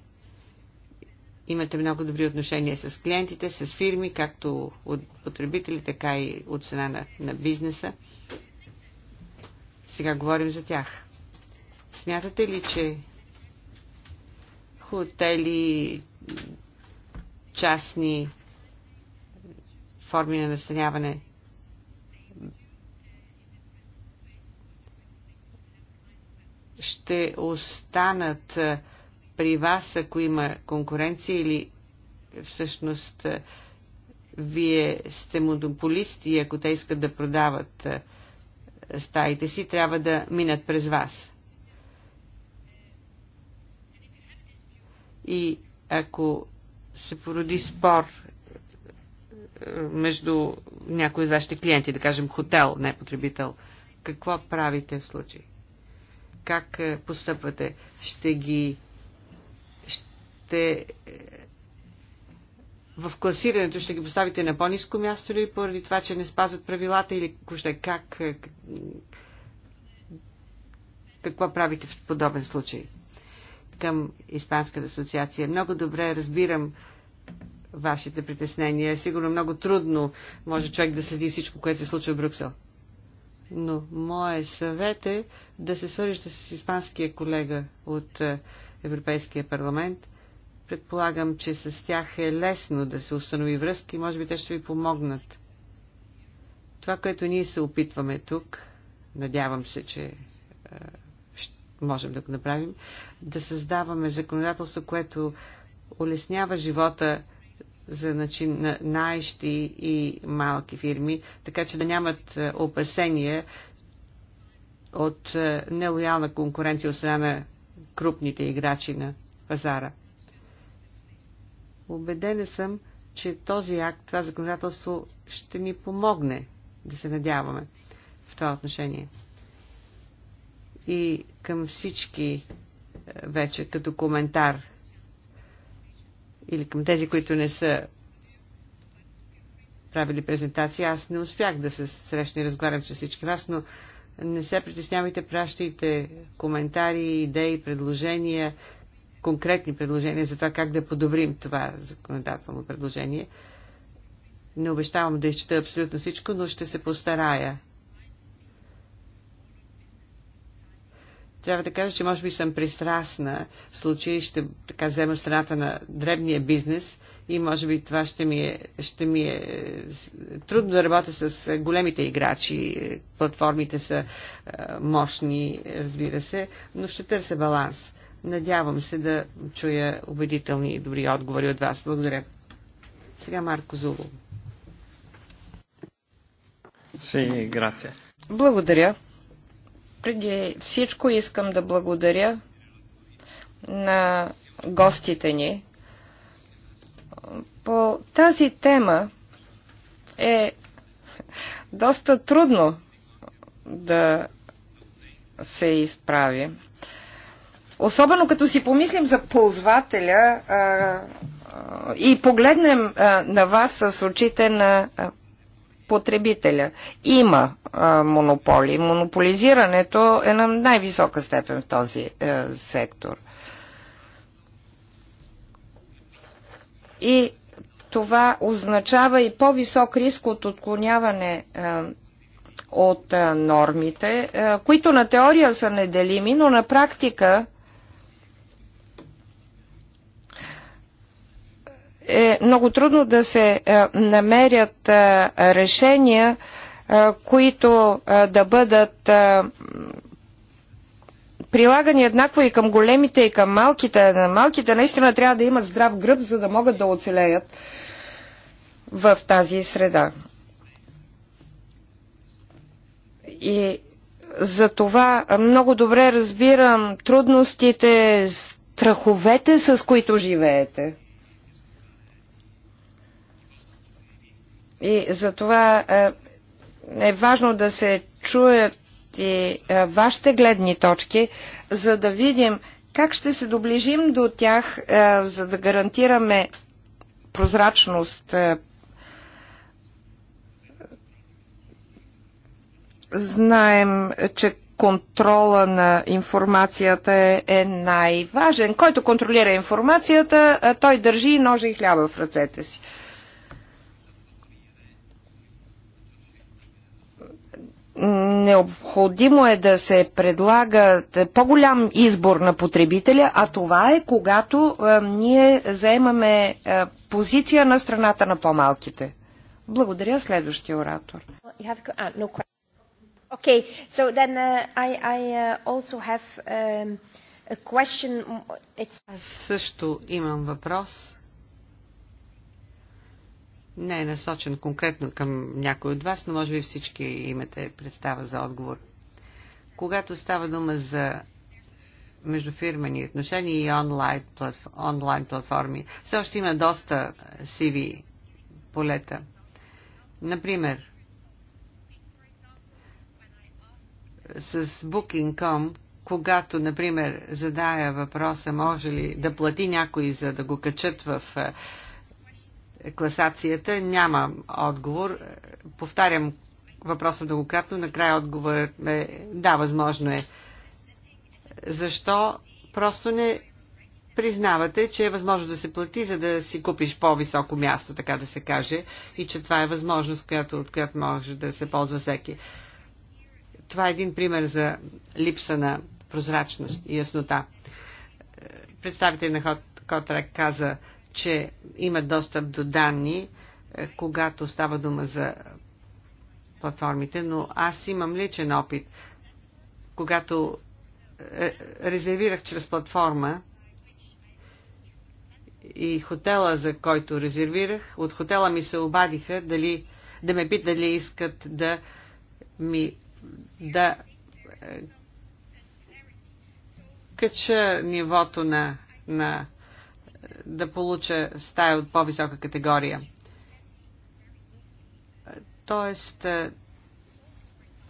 имате много добри отношения с клиентите, с фирми, както от потребители, така и от цена на, на бизнеса. Сега говорим за тях. Смятате ли, че хотели, частни форми на настаняване ще останат при вас, ако има конкуренция или всъщност вие сте монополисти и ако те искат да продават стаите си, трябва да минат през вас. и ако се породи спор е, между някои от вашите клиенти, да кажем хотел, не потребител, какво правите в случай? Как е, постъпвате? Ще ги... Ще... Е, в класирането ще ги поставите на по-низко място ли поради това, че не спазват правилата или ще как... Какво правите в подобен случай? към Испанската асоциация. Много добре разбирам вашите притеснения. Е сигурно много трудно може човек да следи всичко, което се случва в Брюксел. Но мое съвет е да се свържете с испанския колега от е, Европейския парламент. Предполагам, че с тях е лесно да се установи връзки и може би те ще ви помогнат. Това, което ние се опитваме тук, надявам се, че е, можем да го направим, да създаваме законодателство, което улеснява живота за начин, на наещи и малки фирми, така че да нямат е, опасения от е, нелоялна конкуренция от страна на крупните играчи на пазара. Обедена съм, че този акт, това законодателство ще ни помогне да се надяваме в това отношение и към всички е, вече като коментар или към тези, които не са правили презентации, Аз не успях да се срещна и разговарям с всички вас, но не се притеснявайте, пращайте коментари, идеи, предложения, конкретни предложения за това как да подобрим това законодателно предложение. Не обещавам да изчета абсолютно всичко, но ще се постарая Трябва да кажа, че може би съм пристрастна. В случай ще така взема страната на дребния бизнес и може би това ще ми е, ще ми е трудно да работя с големите играчи. Платформите са е, мощни, разбира се, но ще търся баланс. Надявам се да чуя убедителни и добри отговори от вас. Благодаря. Сега Марко Зулов. Благодаря. Преди всичко искам да благодаря на гостите ни. По тази тема е доста трудно да се изправи. Особено като си помислим за ползвателя а, а, и погледнем а, на вас с очите на потребителя. Има а, монополи. Монополизирането е на най-висока степен в този а, е, сектор. И това означава и по-висок риск от отклоняване а, е, от а, е, нормите, а, които на теория са неделими, но на практика е много трудно да се е, намерят е, решения, е, които да бъдат прилагани еднакво и към големите, и към малките. На малките наистина трябва да имат здрав гръб, за да могат да оцелеят в тази среда. И за това много добре разбирам трудностите, страховете, с които живеете. И затова е, е важно да се чуят и е, вашите гледни точки, за да видим как ще се доближим до тях, е, за да гарантираме прозрачност, знаем, че контрола на информацията е най-важен. Който контролира информацията, той държи ножа и хляба в ръцете си. Необходимо е да се предлага по-голям избор на потребителя, а това е когато а, е, ние заемаме а, е, позиция на страната на по-малките. Благодаря следващия оратор. Ah, okay, so then uh, I, I uh, also have um, a question. It's... Аз също имам въпрос не е насочен конкретно към някой от вас, но може би всички имате представа за отговор. Когато става дума за междуфирмени отношения и онлайн, платф... онлайн платформи, все още има доста сиви полета. Например, с Booking.com, когато, например, задая въпроса, може ли да плати някой, за да го качат в класацията, няма отговор. Повтарям въпроса многократно, накрая отговор е да, възможно е. Защо просто не признавате, че е възможно да се плати, за да си купиш по-високо място, така да се каже, и че това е възможност, която, от която може да се ползва всеки. Това е един пример за липса на прозрачност и яснота. Представите на Котрек каза, че има достъп до данни, е, когато става дума за платформите, но аз имам личен опит. Когато е, резервирах чрез платформа и хотела, за който резервирах, от хотела ми се обадиха дали, да ме питат дали искат да ми да е, кача нивото на, на да получа стая от по-висока категория. Тоест,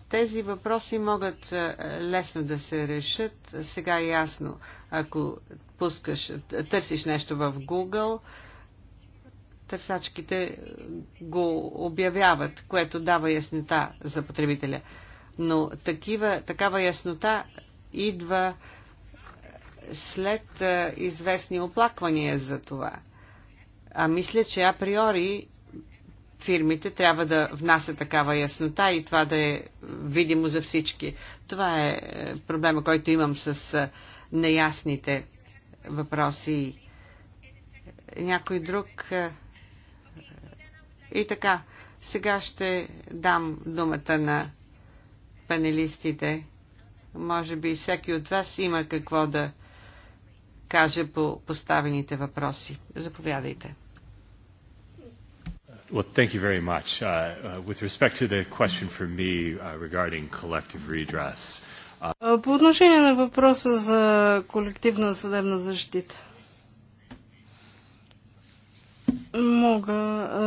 тези въпроси могат лесно да се решат. Сега е ясно, ако пускаш, търсиш нещо в Google, търсачките го обявяват, което дава яснота за потребителя. Но такива, такава яснота идва след известни оплаквания за това. А мисля, че априори фирмите трябва да внася такава яснота и това да е видимо за всички. Това е, е проблема, който имам с неясните въпроси. Някой друг. И така, сега ще дам думата на панелистите. Може би всеки от вас има какво да каже по поставените въпроси. Заповядайте. Well, thank you very much. Uh, uh, with respect to the question for me uh, regarding collective redress. Uh... По отношение на въпроса за колективна съдебна защита. Мога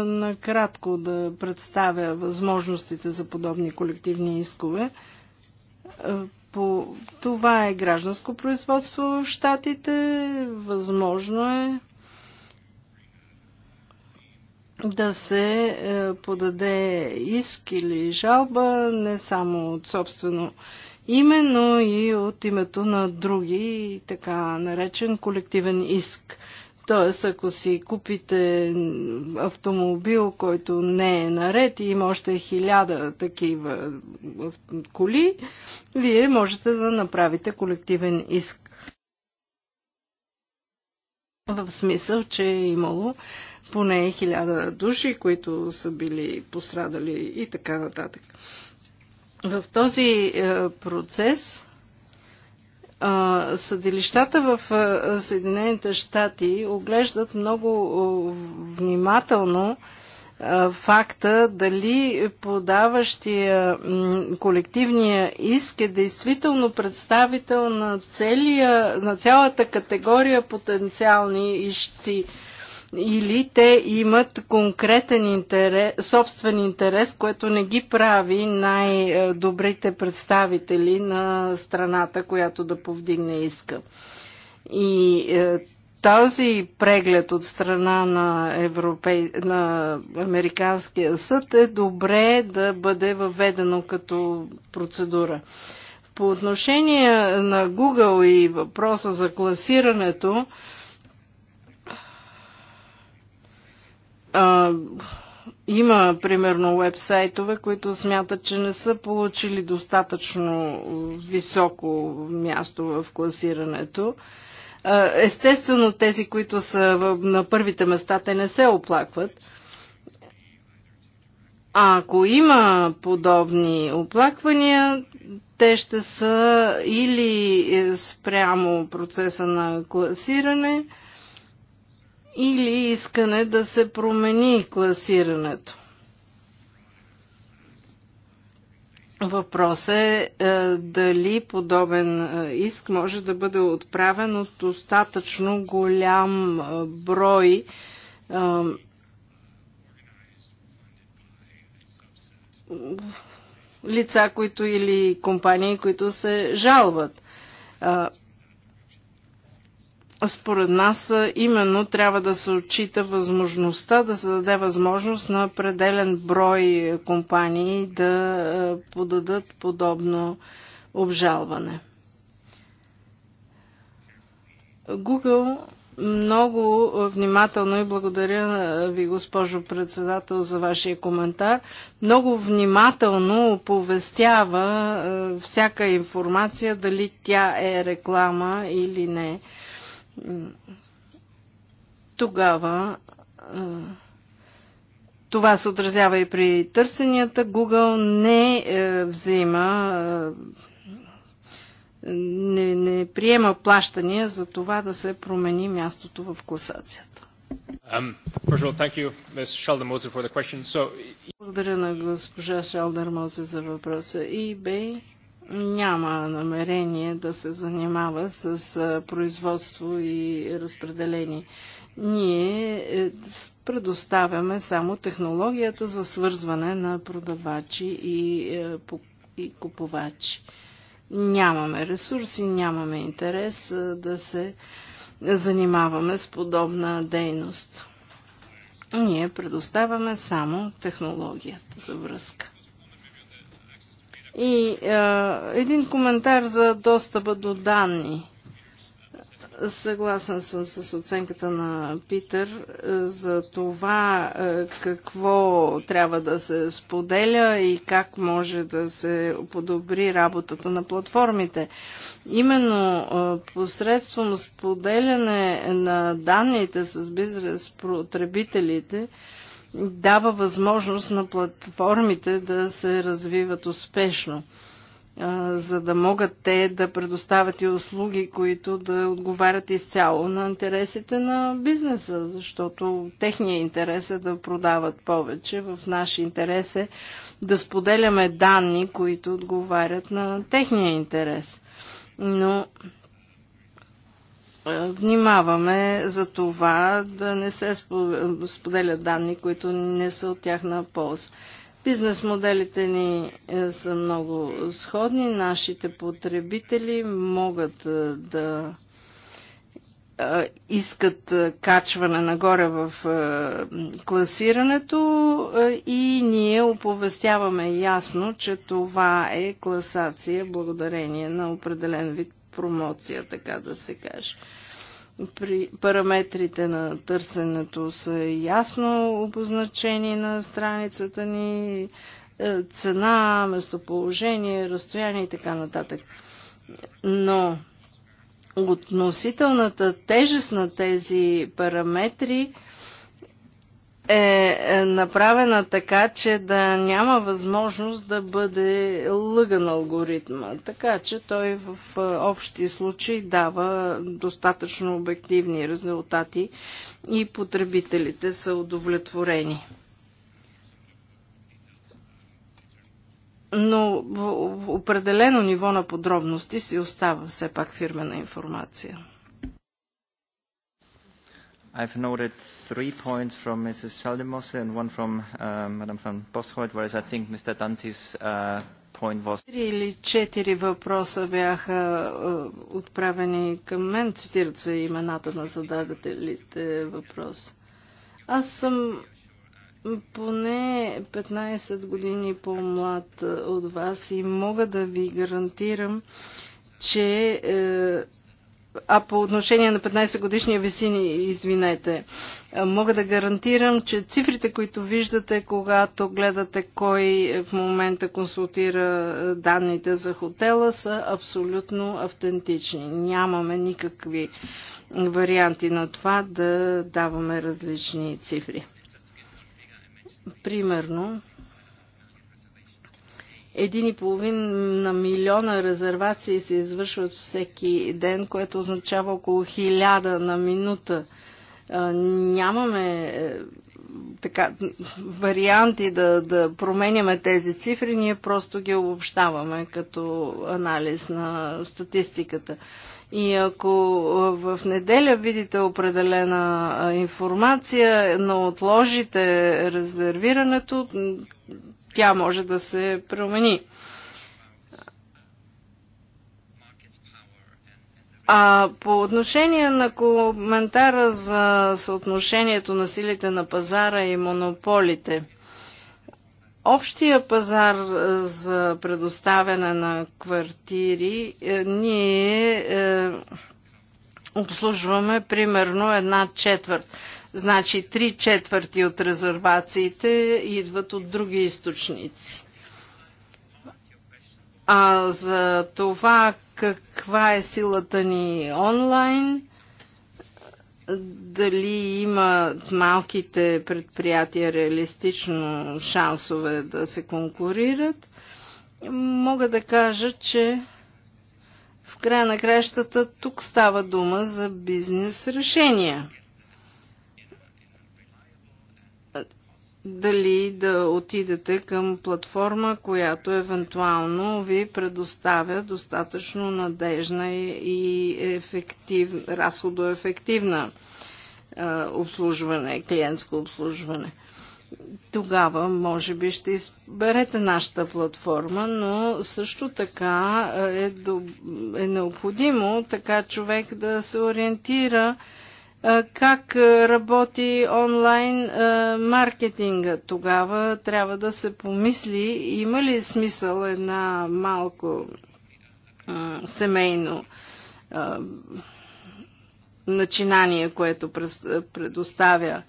накратко да представя възможностите за подобни колективни искове по... Това е гражданско производство в Штатите. Възможно е да се е, подаде иск или жалба не само от собствено име, но и от името на други, така наречен колективен иск. Тоест, ако си купите автомобил, който не е наред и има още хиляда такива коли, вие можете да направите колективен иск. В смисъл, че е имало поне хиляда души, които са били пострадали и така нататък. В този е, процес Съдилищата в Съединените щати оглеждат много внимателно факта дали подаващия колективния иск е действително представител на, целия, на цялата категория потенциални ищци или те имат конкретен интерес, собствен интерес, което не ги прави най-добрите представители на страната, която да повдигне иска. И е, този преглед от страна на, Европей... на Американския съд е добре да бъде въведено като процедура. По отношение на Google и въпроса за класирането, а, има, примерно, вебсайтове, които смятат, че не са получили достатъчно високо място в класирането. Естествено, тези, които са на първите места, те не се оплакват. А ако има подобни оплаквания, те ще са или спрямо процеса на класиране, или искане да се промени класирането. Въпрос е, е, дали подобен е, иск може да бъде отправен от достатъчно голям е, брой лица, които или компании, които се жалват според нас именно трябва да се отчита възможността да се даде възможност на определен брой е, компании да е, подадат подобно обжалване. Google много е, внимателно и благодаря ви, госпожо председател, за вашия коментар. Много внимателно оповестява всяка информация, дали тя е реклама или не тогава това се отразява и при търсенията. Google не е, взима, е, не, не приема плащания за това да се промени мястото в класацията. Um, Благодаря на госпожа Шалдер Мозе за въпроса. И eBay няма намерение да се занимава с производство и разпределение. Ние е, предоставяме само технологията за свързване на продавачи и, е, и купувачи. Нямаме ресурси, нямаме интерес е, да се занимаваме с подобна дейност. Ние предоставяме само технологията за връзка. И а, е, един коментар за достъпа до данни. Съгласен съм с оценката на Питър е, за това е, какво трябва да се споделя и как може да се подобри работата на платформите. Именно посредством споделяне на данните с бизнес потребителите, дава възможност на платформите да се развиват успешно, за да могат те да предоставят и услуги, които да отговарят изцяло на интересите на бизнеса, защото техния интерес е да продават повече, в наш интерес е да споделяме данни, които отговарят на техния интерес. Но внимаваме за това да не се споделят данни, които не са от тяхна полза. Бизнес моделите ни е, са много сходни. Нашите потребители могат е, да е, искат качване нагоре в класирането и ние оповестяваме ясно, че това е класация благодарение на определен вид промоция, така да се каже. При параметрите на търсенето са ясно обозначени на страницата ни, е, цена, местоположение, разстояние и така нататък. Но относителната тежест на тези параметри – е, е направена така, че да няма възможност да бъде лъган алгоритма. Така че той в е, общи случаи дава достатъчно обективни резултати и потребителите са удовлетворени. Но определено ниво на подробности си остава все пак фирмена информация. I've noted three points from Mrs. Schaldemose and one from uh, Madame van Bosholt, whereas I think Mr. Dante's uh, point was... Три или четири въпроса бяха uh, отправени към мен, цитират се имената на зададателите въпрос. Аз съм поне 15 години по-млад uh, от вас и мога да ви гарантирам, че е, а по отношение на 15-годишния весини, извинете, мога да гарантирам, че цифрите, които виждате, когато гледате кой в момента консултира данните за хотела, са абсолютно автентични. Нямаме никакви варианти на това да даваме различни цифри. Примерно, и половин на милиона резервации се извършват всеки ден, което означава около хиляда на минута. Нямаме е, така, варианти да, да променяме тези цифри, ние просто ги обобщаваме като анализ на статистиката. И ако в неделя видите определена информация, но отложите резервирането, тя може да се промени. А по отношение на коментара за съотношението на силите на пазара и монополите, общия пазар е, за предоставяне на квартири, е, ние е, обслужваме примерно една четвърт. Значи три четвърти от резервациите идват от други източници. А за това каква е силата ни онлайн, дали имат малките предприятия реалистично шансове да се конкурират, мога да кажа, че в края на кращата тук става дума за бизнес решения – дали да отидете към платформа, която евентуално ви предоставя достатъчно надежна и ефектив, разходоефективна е, обслужване, клиентско обслужване. Тогава, може би, ще изберете нашата платформа, но също така е, до, е необходимо така човек да се ориентира как работи онлайн маркетинга. Тогава трябва да се помисли, има ли смисъл една малко семейно начинание, което предоставя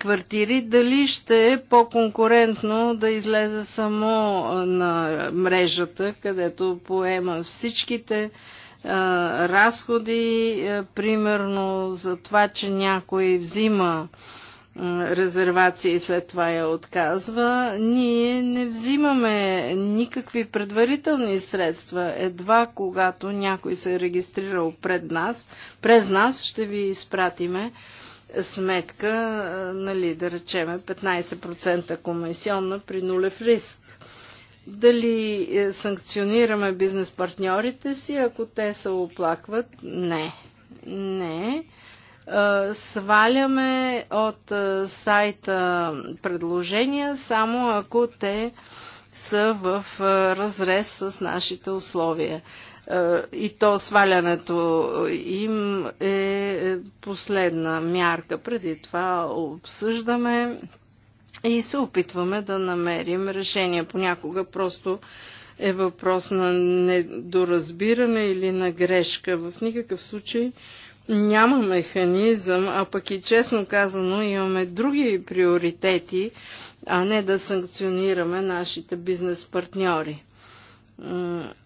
квартири, дали ще е по-конкурентно да излезе само на мрежата, където поема всичките разходи, примерно за това, че някой взима резервация и след това я отказва, ние не взимаме никакви предварителни средства. Едва когато някой се е регистрирал пред нас, през нас ще ви изпратиме сметка, нали, да речеме 15% комисионна при нулев риск. Дали е, санкционираме бизнес партньорите си, ако те се оплакват? Не. Не. Е, сваляме от е, сайта предложения, само ако те са в разрез с нашите условия. И то свалянето им е последна мярка. Преди това обсъждаме и се да намерим решение. Понякога просто е въпрос на недоразбиране или на грешка. В никакъв случай няма механизъм, а пък и честно казано имаме други приоритети, а не да санкционираме нашите бизнес партньори.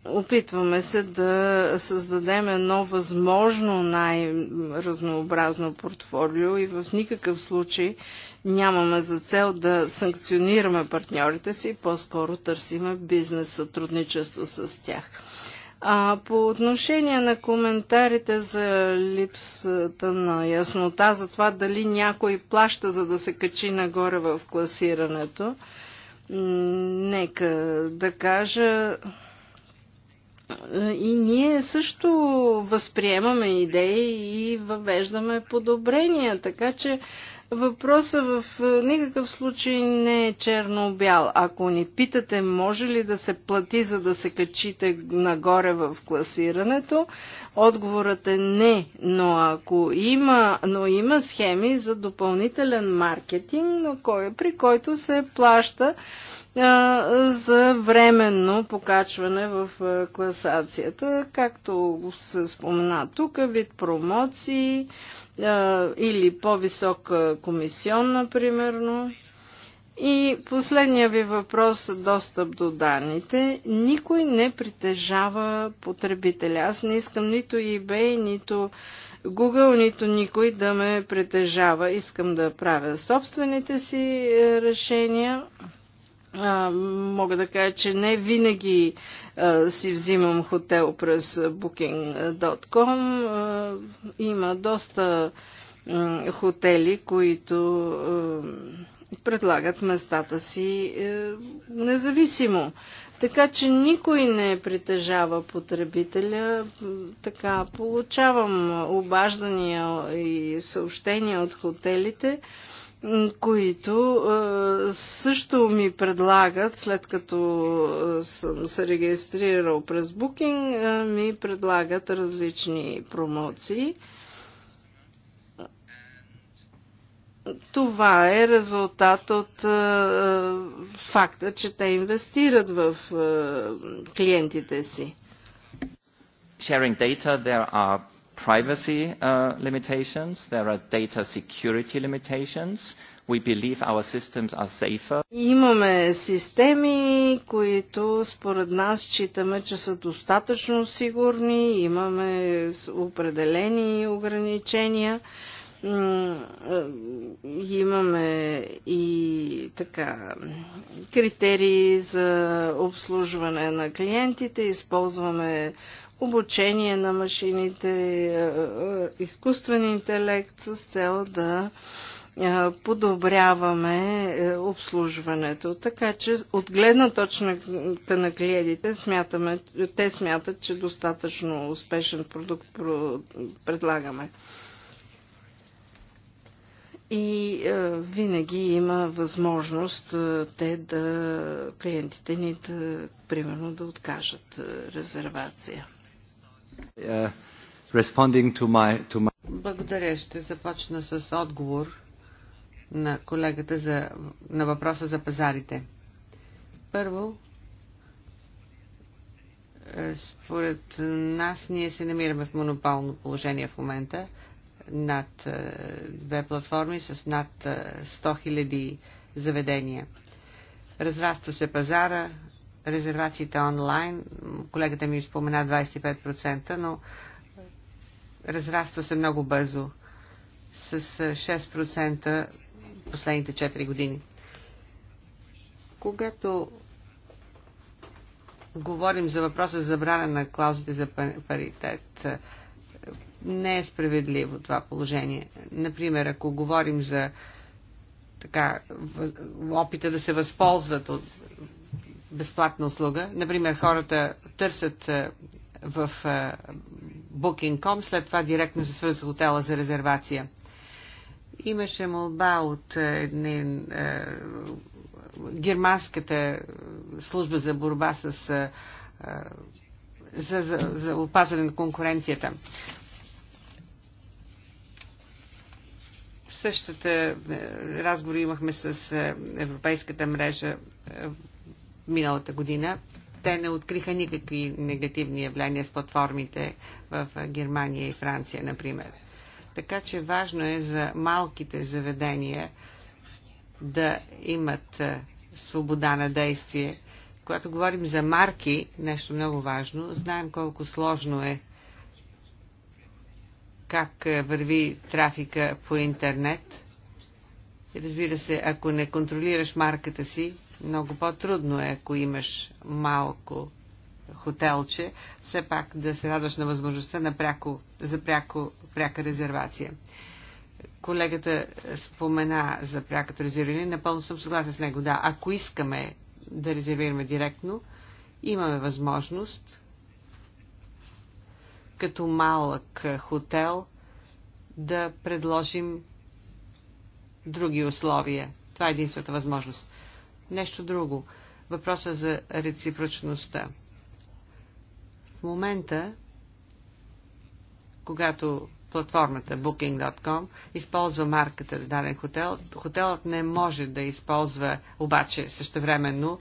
Опитваме се да създадем едно възможно най-разнообразно портфолио и в никакъв случай нямаме за цел да санкционираме партньорите си, по-скоро търсиме бизнес сътрудничество с тях. А, по отношение на коментарите за липсата на яснота за това дали някой плаща за да се качи нагоре в класирането, Нека да кажа, е, и ние също възприемаме идеи и въвеждаме подобрения, така че Въпросът в е, никакъв случай не е черно-бял. Ако ни питате, може ли да се плати, за да се качите нагоре в класирането, отговорът е не. Но ако има, но има схеми за допълнителен маркетинг, на кой, при който се плаща за временно покачване в класацията, както се спомена тук, вид промоции или по-висока комисионна, примерно. И последния ви въпрос е – достъп до данните. Никой не притежава потребителя. Аз не искам нито eBay, нито Google, нито никой да ме притежава. Искам да правя собствените си е, решения – а, мога да кажа, че не винаги а, си взимам хотел през booking.com. А, има доста а, хотели, които а, предлагат местата си а, е, независимо. Така че никой не притежава потребителя. Така получавам обаждания и съобщения от хотелите. А, които също ми предлагат, след като съм се регистрирал през Booking, ми предлагат различни промоции. Това е резултат от факта, че те инвестират в клиентите си. Sharing data, there are privacy uh, limitations, there are data security limitations. We believe our systems are safer. Имаме системи, които според нас считаме, че са достатъчно сигурни, имаме определени ограничения е, имаме и така критерии за обслужване на клиентите, използваме обучение на машините, е, е, изкуствен интелект с цел да е, подобряваме обслужването. Така че от гледна точка на клиентите смятаме, те смятат, че достатъчно успешен продукт предлагаме. И е, винаги има възможност е, те да, клиентите ни да, примерно, да откажат резервация. Uh, Благодаря. Ще започна с отговор на колегата за, на въпроса за пазарите. Първо, е, според нас ние се намираме в монополно положение в момента над е, две платформи с над 100 е, 000 заведения. Разраства се пазара, резервациите онлайн. Колегата ми спомена 25%, но разраства се много бързо с 6% последните 4 години. Когато говорим за въпроса за забрана на клаузите за паритет, не е справедливо това положение. Например, ако говорим за така, опита да се възползват от безплатна услуга. Например, хората търсят е, в е, Booking.com, след това директно се свързва хотела за резервация. Имаше молба от е, не, германската служба за борба с за, за, за опазване на конкуренцията. Същата разговор имахме с Европейската мрежа миналата година. Те не откриха никакви негативни явления с платформите в Германия и Франция, например. Така че важно е за малките заведения да имат свобода на действие. Когато говорим за марки, нещо много важно, знаем колко сложно е как върви трафика по интернет. Разбира се, ако не контролираш марката си, много по-трудно е, ако имаш малко хотелче, все пак да се радваш на възможността на пряко, за пряко, пряка резервация. Колегата спомена за прякото резервиране. Напълно съм съгласен с него. Да, ако искаме да резервираме директно, имаме възможност като малък хотел да предложим други условия. Това е единствената възможност нещо друго. Въпроса за реципрочността. В момента, когато платформата Booking.com използва марката на даден хотел, хотелът не може да използва обаче същевременно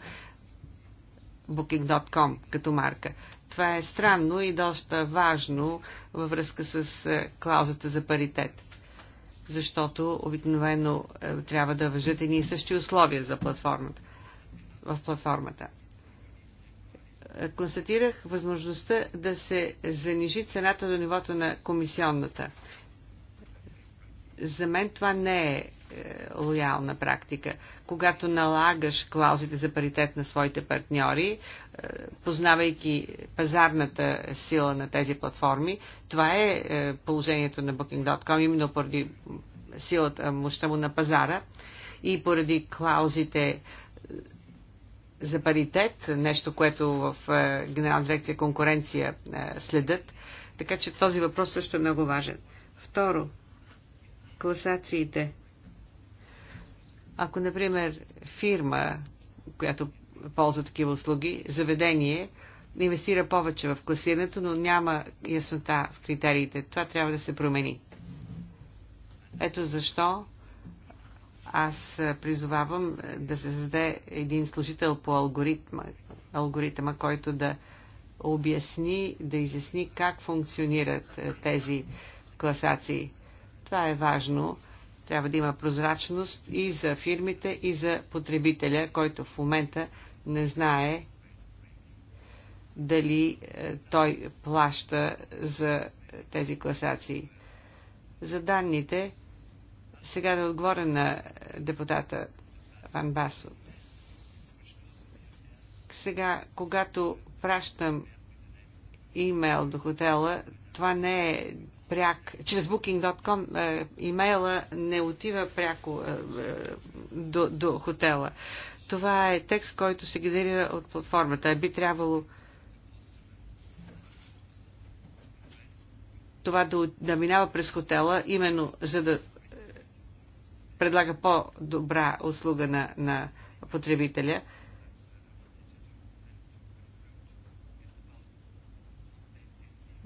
Booking.com като марка. Това е странно и доста важно във връзка с е, клаузата за паритет защото обикновено е, трябва да въжат едни и същи условия за платформата, в платформата. Е, констатирах възможността да се занижи цената до нивото на комисионната. За мен това не е, е лоялна практика. Когато налагаш клаузите за паритет на своите партньори, познавайки пазарната сила на тези платформи. Това е, е положението на Booking.com, именно поради силата, мощта му на пазара и поради клаузите е, за паритет, нещо, което в е, Генерална дирекция конкуренция следят. Така че този въпрос също е много важен. Второ, класациите. Ако, например, фирма, която ползва такива услуги, заведение, инвестира повече в класирането, но няма яснота в критериите. Това трябва да се промени. Ето защо аз призовавам е, да се създаде един служител по алгоритма, алгоритма който да обясни, да изясни как функционират е, тези класации. Това е важно. Трябва да има прозрачност и за фирмите, и за потребителя, който в момента не знае дали е, той плаща за тези класации. За данните, сега да отговоря на депутата Ван Басо. Сега, когато пращам имейл до хотела, това не е пряк, чрез booking.com е, имейла не отива пряко е, до, до хотела. Това е текст, който се генерира от платформата. Би трябвало това да, да минава през хотела, именно за да предлага по-добра услуга на, на потребителя.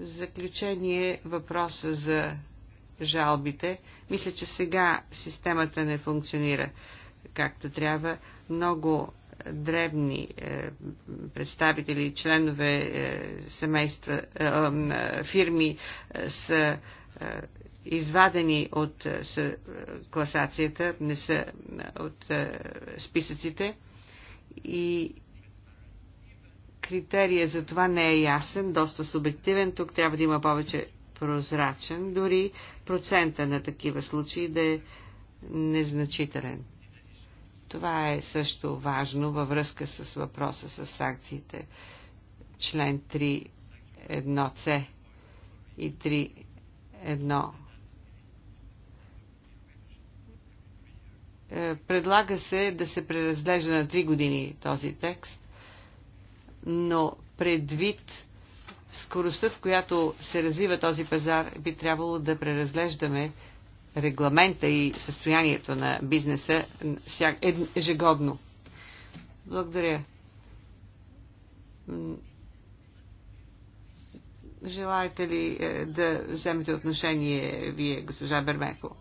В заключение въпроса за жалбите. Мисля, че сега системата не функционира както трябва много древни е, представители, членове, е, семейства, е, фирми са извадени от класацията, не са от списъците и критерия за това не е ясен, доста субективен, тук трябва да има повече прозрачен, дори процента на такива случаи да е незначителен. Това е също важно във връзка с въпроса с санкциите. Член 3.1c и 3.1 е, Предлага се да се преразглежда на 3 години този текст, но предвид скоростта, с която се развива този пазар, би трябвало да преразглеждаме регламента и състоянието на бизнеса ежегодно. Благодаря. Желаете ли е, да вземете отношение вие, госпожа Бермеко?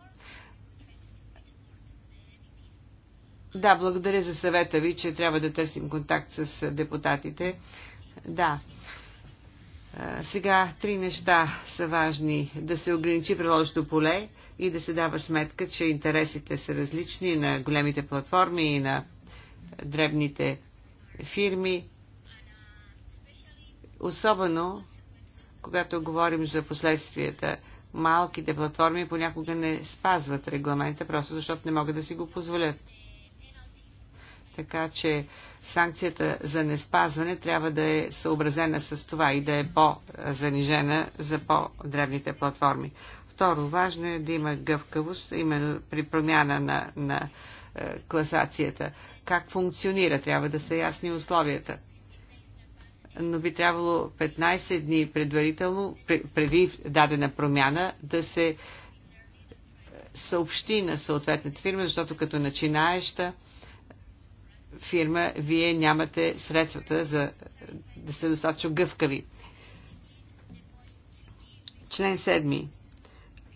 Да, благодаря за съвета ви, че трябва да търсим контакт с е, депутатите. Да. Е, сега три неща са важни. Да се ограничи приложното поле, и да се дава сметка, че интересите са различни на големите платформи и на дребните фирми. Особено, когато говорим за последствията, малките платформи понякога не спазват регламента, просто защото не могат да си го позволят. Така че санкцията за неспазване трябва да е съобразена с това и да е по-занижена за по-древните платформи. Второ, важно е да има гъвкавост, именно при промяна на, на е, класацията. Как функционира, трябва да са ясни условията. Но би трябвало 15 дни предварително, преди дадена промяна, да се е, съобщи на съответната фирма, защото като начинаеща фирма вие нямате средствата за да сте достатъчно гъвкави. Член 7.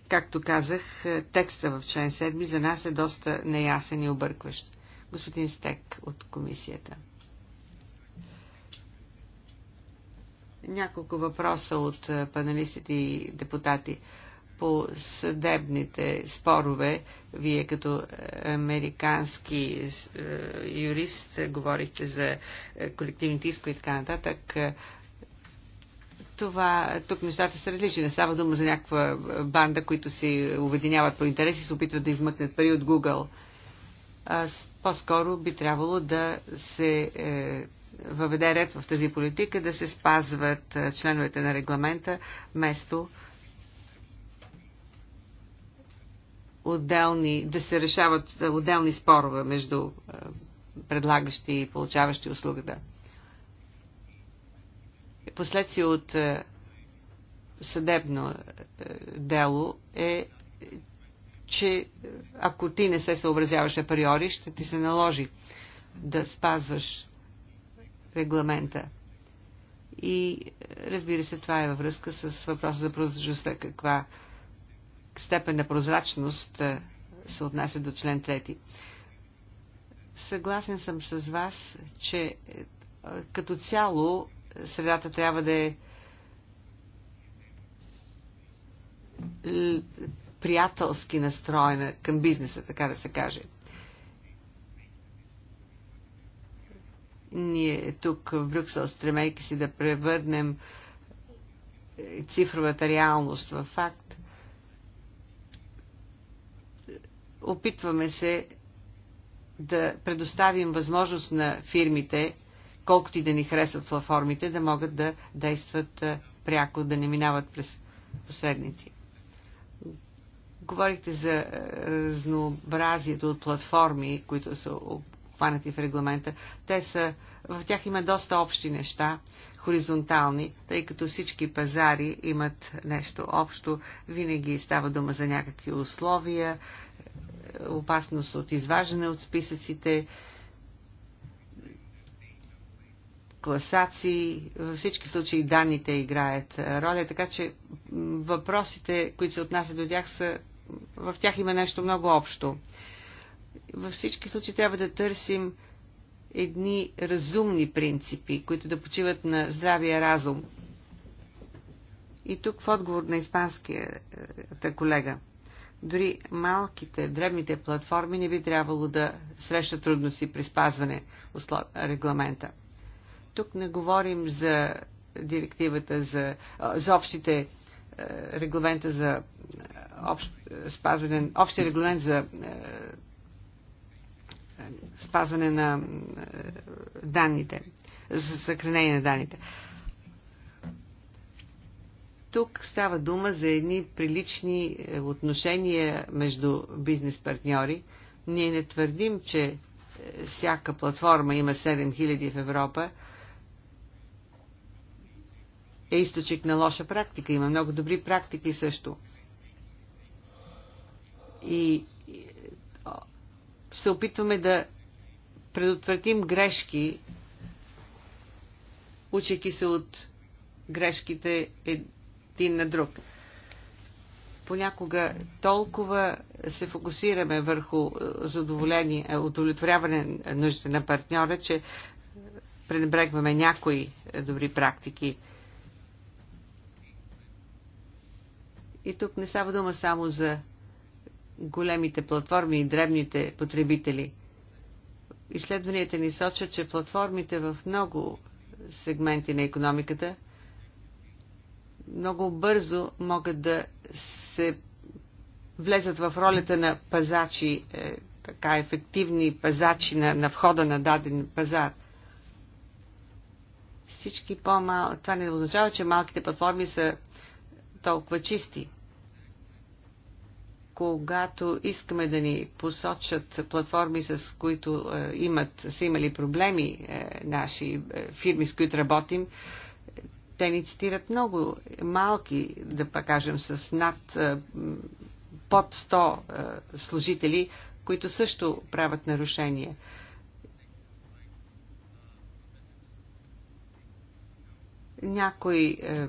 Както казах, е, текста в член 7 за нас е доста неясен и объркващ. Господин Стек от комисията. Няколко въпроса от е, паналистите и депутати по съдебните спорове. Вие като е, американски юрист говорихте за колективните искове и така нататък това, тук нещата са различни. Не става дума за някаква банда, които се обединяват по интереси и се опитват да измъкнат пари от Google. по-скоро би трябвало да се е, въведе ред в тази политика, да се спазват е, членовете на регламента, вместо отделни, да се решават е, отделни спорове между е, предлагащи и получаващи услугата. Да последствие от е, съдебно е, дело е, че ако ти не се съобразяваш априори, ще ти се наложи да спазваш регламента. И разбира се, това е във връзка с въпроса за прозрачността. Каква степен на прозрачност е, се отнася до член 3. Съгласен съм с вас, че като цяло средата трябва да е приятелски настроена към бизнеса, така да се каже. Ние тук в Брюксел, стремейки си да превърнем е, цифровата реалност в факт, опитваме се да предоставим възможност на фирмите колкото и да ни харесват платформите, да могат да действат пряко, да не минават през посредници. Говорихте за разнообразието от платформи, които са обхванати в регламента. Те са, в тях има доста общи неща, хоризонтални, тъй като всички пазари имат нещо общо. Винаги става дума за някакви условия, опасност от изваждане от списъците, класации. Във всички случаи данните играят роля, така че въпросите, които се отнасят до тях, са, в тях има нещо много общо. Във всички случаи трябва да търсим едни разумни принципи, които да почиват на здравия разум. И тук в отговор на испанския колега. Дори малките, дребните платформи не би трябвало да срещат трудности при спазване регламента. Тук не говорим за директивата за, за общите регламента за общ, спазване, общия регламент за спазване на данните, за съхранение на данните. Тук става дума за едни прилични е, отношения между бизнес партньори. Ние не твърдим, че е, всяка платформа има 7000 в Европа, е източник на лоша практика. Има много добри практики също. И се опитваме да предотвратим грешки, учейки се от грешките един на друг. Понякога толкова се фокусираме върху е, задоволение, е, удовлетворяване на нуждите на партньора, че пренебрегваме някои е, добри практики. И тук не става дума само за големите платформи и древните потребители. Изследванията ни сочат, че платформите в много сегменти на економиката много бързо могат да се влезат в ролята на пазачи, е, така ефективни пазачи на, на входа на даден пазар. Всички по-мал... Това не означава, че малките платформи са толкова чисти когато искаме да ни посочат платформи, с които е, имат, са имали проблеми е, наши е, фирми, с които работим, те ни цитират много малки, да покажем, с над е, под 100 е, служители, които също правят нарушения. Някои е,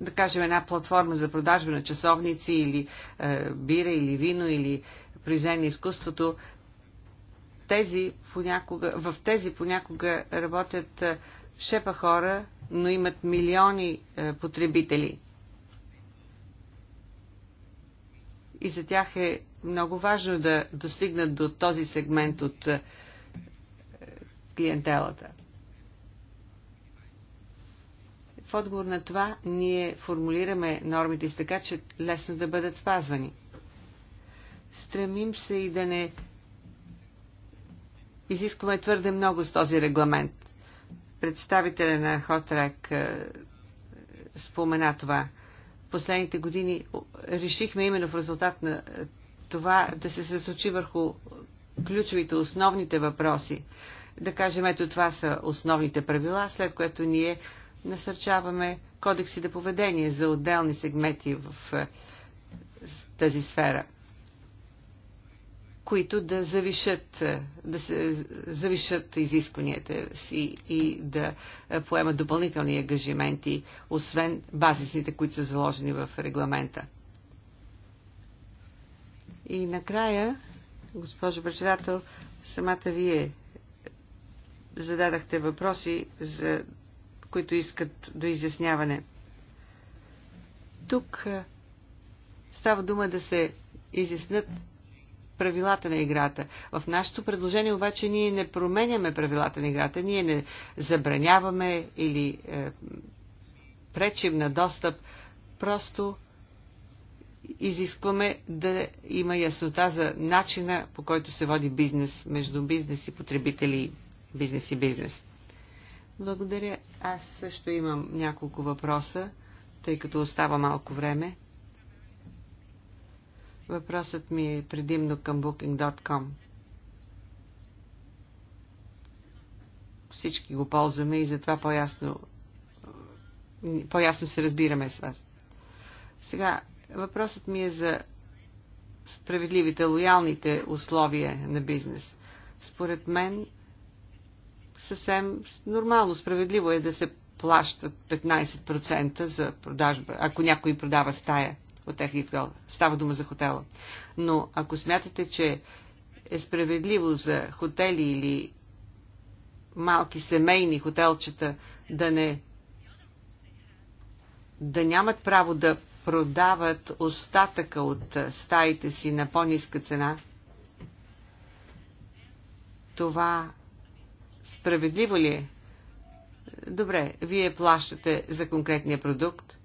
да кажем, една платформа за продажба на часовници или е, бира или вино или произведение на изкуството, тези понякога, в тези понякога работят е, шепа хора, но имат милиони е, потребители. И за тях е много важно да достигнат до този сегмент от е, клиентелата. В отговор на това ние формулираме нормите с така, че лесно да бъдат спазвани. Стремим се и да не изискваме твърде много с този регламент. Представителя на Хотрак е, спомена това. Последните години решихме именно в резултат на е, това да се съсочи върху ключовите, основните въпроси. Да кажем, ето това са основните правила, след което ние насърчаваме кодекси на поведение за отделни сегменти в е, тази сфера, които да завишат, е, да се завишат изискванията си и да е, поемат допълнителни ангажименти, освен базисните, които са заложени в регламента. И накрая, госпожо председател, самата вие зададахте въпроси за които искат до изясняване. Тук става дума да се изяснат правилата на играта. В нашето предложение обаче ние не променяме правилата на играта, ние не забраняваме или е, пречим на достъп, просто изискваме да има яснота за начина по който се води бизнес между бизнес и потребители, бизнес и бизнес. Благодаря. Аз също имам няколко въпроса, тъй като остава малко време. Въпросът ми е предимно към booking.com. Всички го ползваме и затова по-ясно по-ясно се разбираме с вас. Сега, въпросът ми е за справедливите, лоялните условия на бизнес. Според мен, съвсем нормално, справедливо е да се плащат 15% за продажба, ако някой продава стая от Ехикдол. Става дума за хотела. Но ако смятате, че е справедливо за хотели или малки семейни хотелчета да не да нямат право да продават остатъка от стаите си на по-ниска цена, това Справедливо ли е? Добре, вие плащате за конкретния продукт,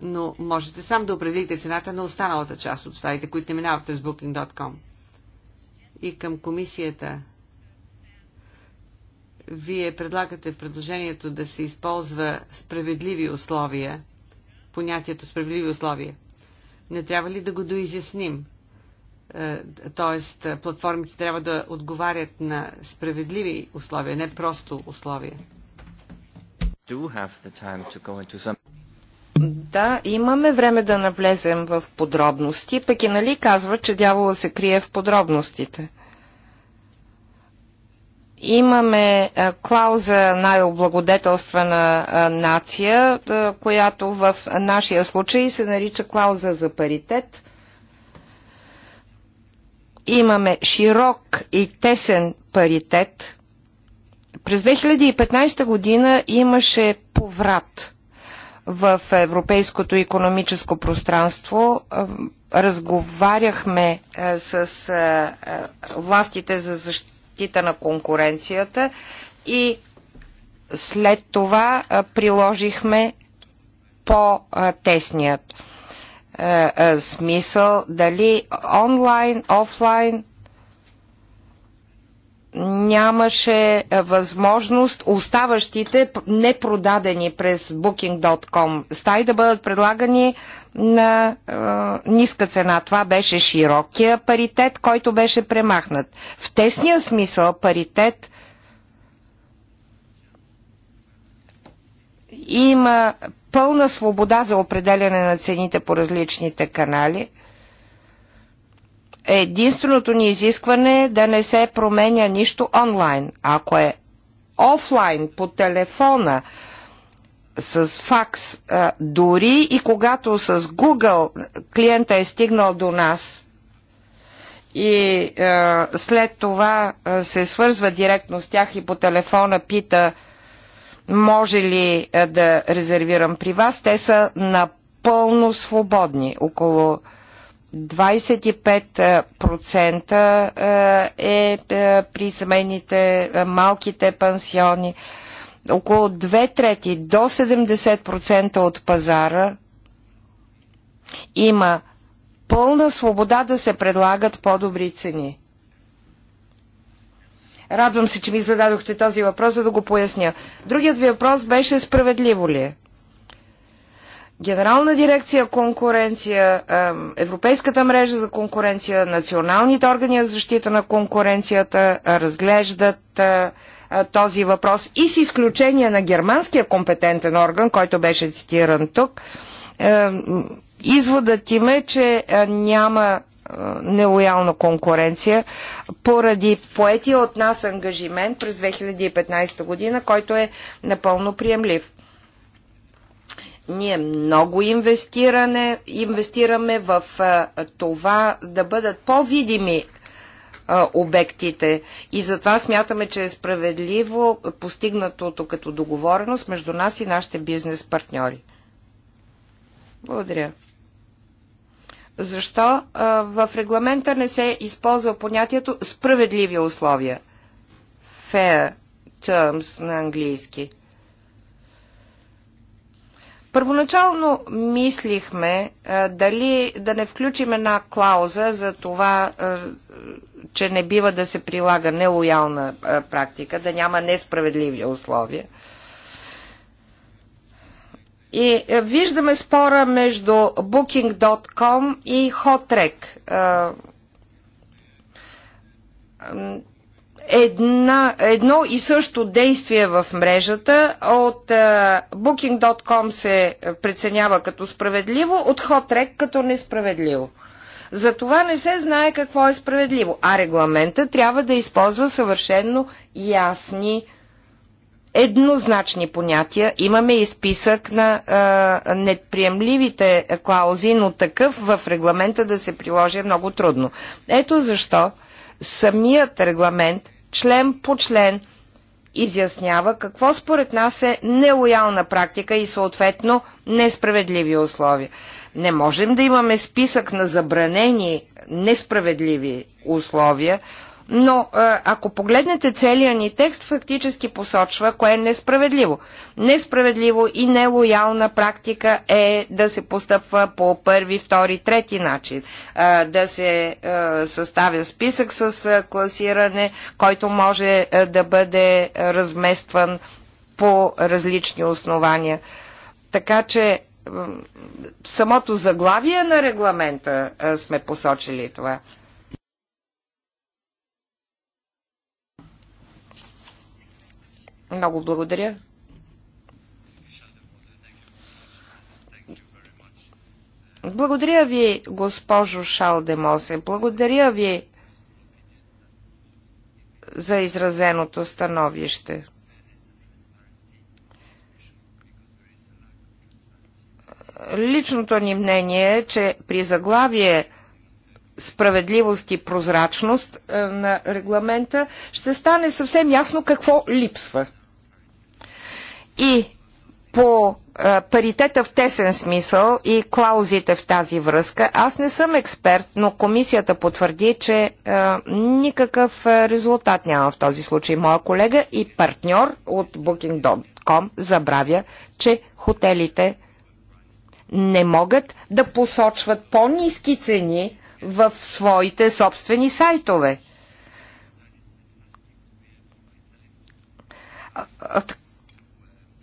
но можете сам да определите цената на останалата част от стаите, които не минават през booking.com. И към комисията. Вие предлагате предложението да се използва справедливи условия, понятието справедливи условия. Не трябва ли да го доизясним? т.е. Е, платформите трябва да отговарят на справедливи условия, не просто условия. Some... Да, имаме време да навлезем в подробности, пък и нали казва, че дявола се крие в подробностите. Имаме а, е, клауза най-облагодетелствана е, нация, а, която в нашия случай се нарича клауза за паритет – имаме широк и тесен паритет. През 2015 година имаше поврат в европейското економическо пространство. Разговаряхме е, с е, е, властите за защита на конкуренцията и след това приложихме по-тесният е, е, смисъл, дали онлайн, офлайн, нямаше е, възможност оставащите непродадени през booking.com стаи да бъдат предлагани на е, ниска цена. Това беше широкия паритет, който беше премахнат. В тесния смисъл паритет има пълна свобода за определяне на цените по различните канали. Единственото ни изискване е да не се променя нищо онлайн. Ако е офлайн, по телефона, с факс, дори и когато с Google клиента е стигнал до нас и е, след това се свързва директно с тях и по телефона пита – може ли е, да резервирам при вас, те са напълно свободни. Около 25% е, е, е при семейните малките пансиони. Около 2 трети до 70% от пазара има пълна свобода да се предлагат по-добри цени. Радвам се, че ми зададохте този въпрос, за да го поясня. Другият ви въпрос беше справедливо ли е? Генерална дирекция конкуренция, Европейската мрежа за конкуренция, националните органи за защита на конкуренцията разглеждат този въпрос и с изключение на германския компетентен орган, който беше цитиран тук, изводът им е, че няма нелоялна конкуренция поради поетия от нас ангажимент през 2015 година, който е напълно приемлив. Ние много инвестиране, инвестираме в това да бъдат по-видими обектите. И затова смятаме, че е справедливо постигнатото като договореност между нас и нашите бизнес партньори. Благодаря. Защо в регламента не се използва понятието справедливи условия? Fair terms на английски. Първоначално мислихме а, дали да не включим една клауза за това, а, че не бива да се прилага нелоялна а, практика, да няма несправедливи условия. И е, виждаме спора между Booking.com и Hotrek. Е, една, едно и също действие в мрежата от е, Booking.com се преценява като справедливо, от Hotrek като несправедливо. За това не се знае какво е справедливо, а регламента трябва да използва съвършенно ясни еднозначни понятия. Имаме и списък на а, неприемливите клаузи, но такъв в регламента да се приложи е много трудно. Ето защо самият регламент, член по член, изяснява какво според нас е нелоялна практика и съответно несправедливи условия. Не можем да имаме списък на забранени несправедливи условия, но е, ако погледнете целия ни текст, фактически посочва кое е несправедливо. Несправедливо и нелоялна практика е да се постъпва по първи, втори, трети начин. Е, да се е, съставя списък с класиране, който може да бъде разместван по различни основания. Така че самото заглавие на регламента сме посочили това. Много благодаря. Благодаря ви, госпожо Шалдемосе. Благодаря ви за изразеното становище. Личното ни мнение е, че при заглавие справедливост и прозрачност е, на регламента ще стане съвсем ясно какво липсва и по е, паритета в тесен смисъл и клаузите в тази връзка. Аз не съм експерт, но комисията потвърди, че е, никакъв е, резултат няма в този случай. Моя колега и партньор от Booking.com забравя, че хотелите не могат да посочват по-низки цени в своите собствени сайтове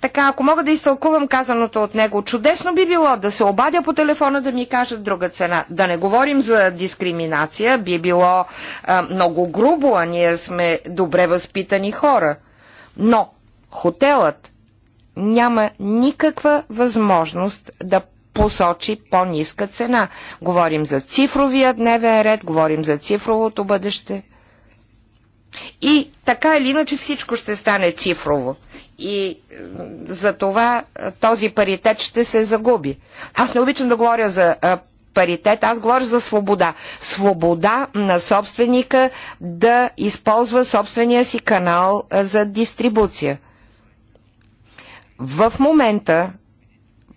така, ако мога да изтълкувам казаното от него, чудесно би било да се обадя по телефона да ми кажат друга цена. Да не говорим за дискриминация, би било а, много грубо, а ние сме добре възпитани хора. Но хотелът няма никаква възможност да посочи по-ниска цена. Говорим за цифровия дневен ред, говорим за цифровото бъдеще. И така или иначе всичко ще стане цифрово и за това този паритет ще се загуби. Аз не обичам да говоря за паритет, аз говоря за свобода. Свобода на собственика да използва собствения си канал за дистрибуция. В момента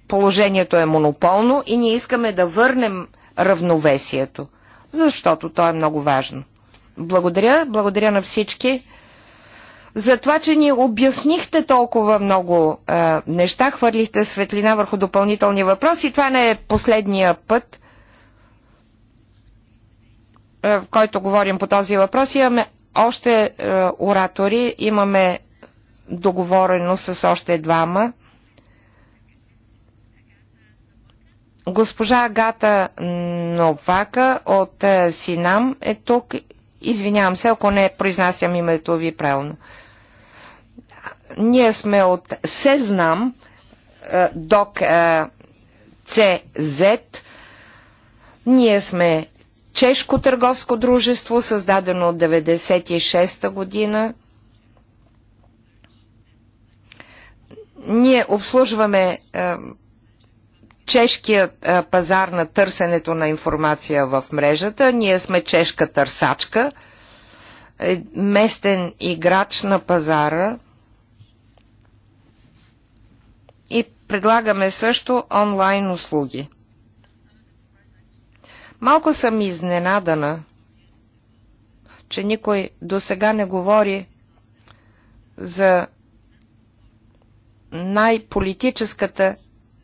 положението е монополно и ние искаме да върнем равновесието, защото то е много важно. Благодаря, благодаря на всички за това, че ни обяснихте толкова много а, е, неща, хвърлихте светлина върху допълнителни въпроси. Това не е последния път, а, е, в който говорим по този въпрос. Имаме още а, е, оратори, имаме договорено с още двама. Госпожа Агата Новака от Синам е тук. Извинявам се, ако не произнасям името ви правилно. Ние сме от Сезнам, ДОК е, ЦЗ. Ние сме чешко търговско дружество, създадено от 1996 година. Ние обслужваме е, чешкият е, пазар на търсенето на информация в мрежата. Ние сме чешка търсачка, местен играч на пазара – Предлагаме също онлайн услуги. Малко съм изненадана, че никой до сега не говори за най-политическата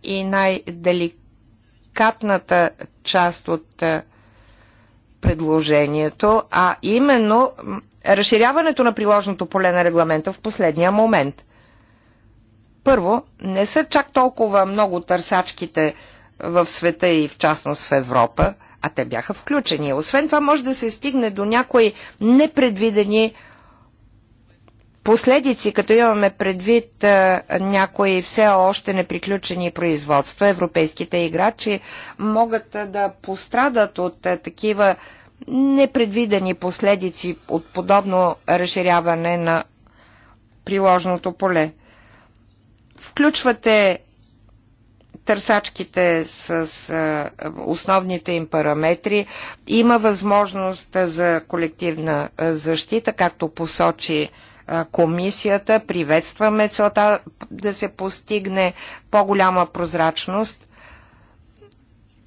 и най-деликатната част от предложението, а именно разширяването на приложното поле на регламента в последния момент. Първо, не са чак толкова много търсачките в света и в частност в Европа, а те бяха включени. Освен това може да се стигне до някои непредвидени последици, като имаме предвид а, някои все още неприключени производства. Европейските играчи могат а, да пострадат от а, такива непредвидени последици от подобно разширяване на приложното поле. Включвате търсачките с а, основните им параметри. Има възможност за колективна защита, както посочи а, комисията. Приветстваме целта да се постигне по-голяма прозрачност.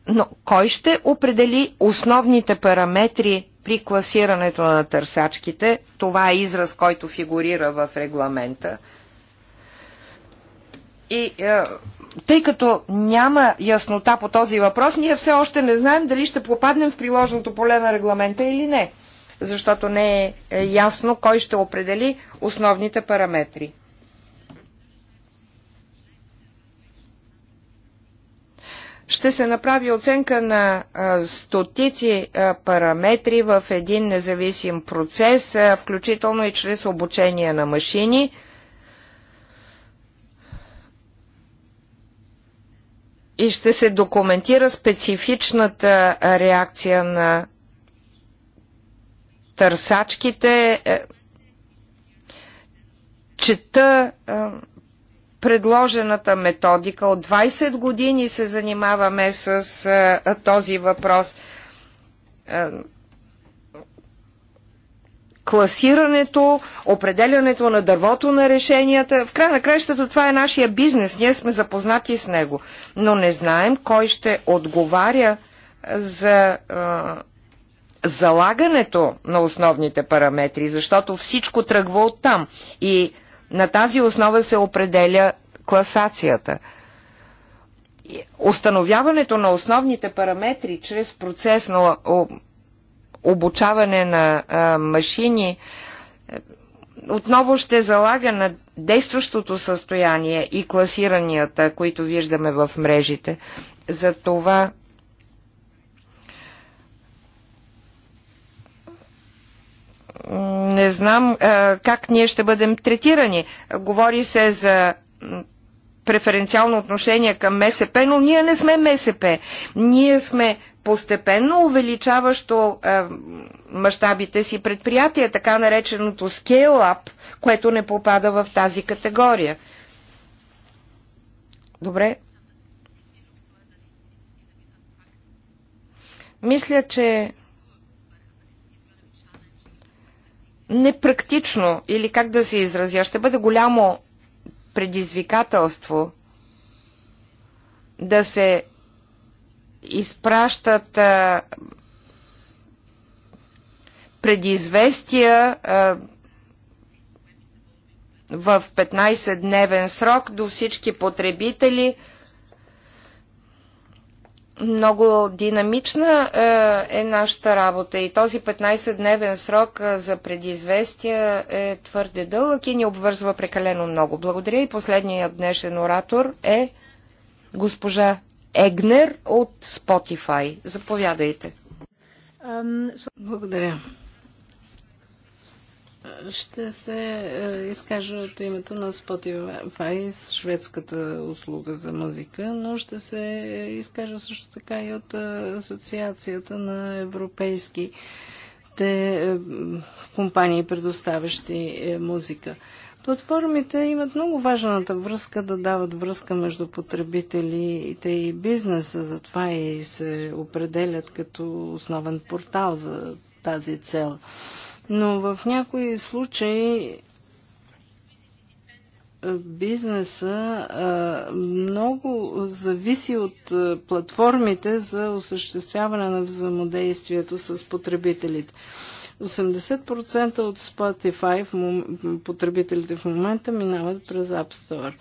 Но кой ще определи основните параметри при класирането на търсачките? Това е израз, който фигурира в регламента. И е, тъй като няма яснота по този въпрос, ние все още не знаем дали ще попаднем в приложното поле на регламента или не, защото не е, е ясно кой ще определи основните параметри. ще се направи оценка на а, стотици а, параметри в един независим процес, а, включително и чрез обучение на машини – и ще се документира специфичната реакция на търсачките. Е, чета е, предложената методика. От 20 години се занимаваме с е, този въпрос класирането, определянето на дървото на решенията. В край на краищата това е нашия бизнес, ние сме запознати с него, но не знаем кой ще отговаря за е, залагането на основните параметри, защото всичко тръгва от там и на тази основа се определя класацията. Установяването на основните параметри чрез процес на обучаване на машини, е, отново ще залага на действащото състояние и класиранията, които виждаме в мрежите. За това не знам как ние ще бъдем третирани. Говори се за преференциално отношение към МСП, но ние не сме МСП. Ние сме постепенно увеличаващо е, мащабите си предприятия, така нареченото scale-up, което не попада в тази категория. Добре. Мисля, че непрактично, или как да се изразя, ще бъде голямо предизвикателство да се изпращат а, предизвестия а, в 15-дневен срок до всички потребители. Много динамична е, е нашата работа и този 15-дневен срок за предизвестия е твърде дълъг и ни обвързва прекалено много. Благодаря и последният днешен оратор е госпожа Егнер от Spotify. Заповядайте. Благодаря. Ще се е, изкажа от името на Spotify, с шведската услуга за музика, но ще се изкажа също така и от е, Асоциацията на европейските е, компании, предоставящи музика. Платформите имат много важната връзка да дават връзка между потребителите и бизнеса, затова и се определят като основен портал за тази цел. Но в някои случаи бизнеса много зависи от платформите за осъществяване на взаимодействието с потребителите. 80% от Spotify в мом... потребителите в момента минават през App Store.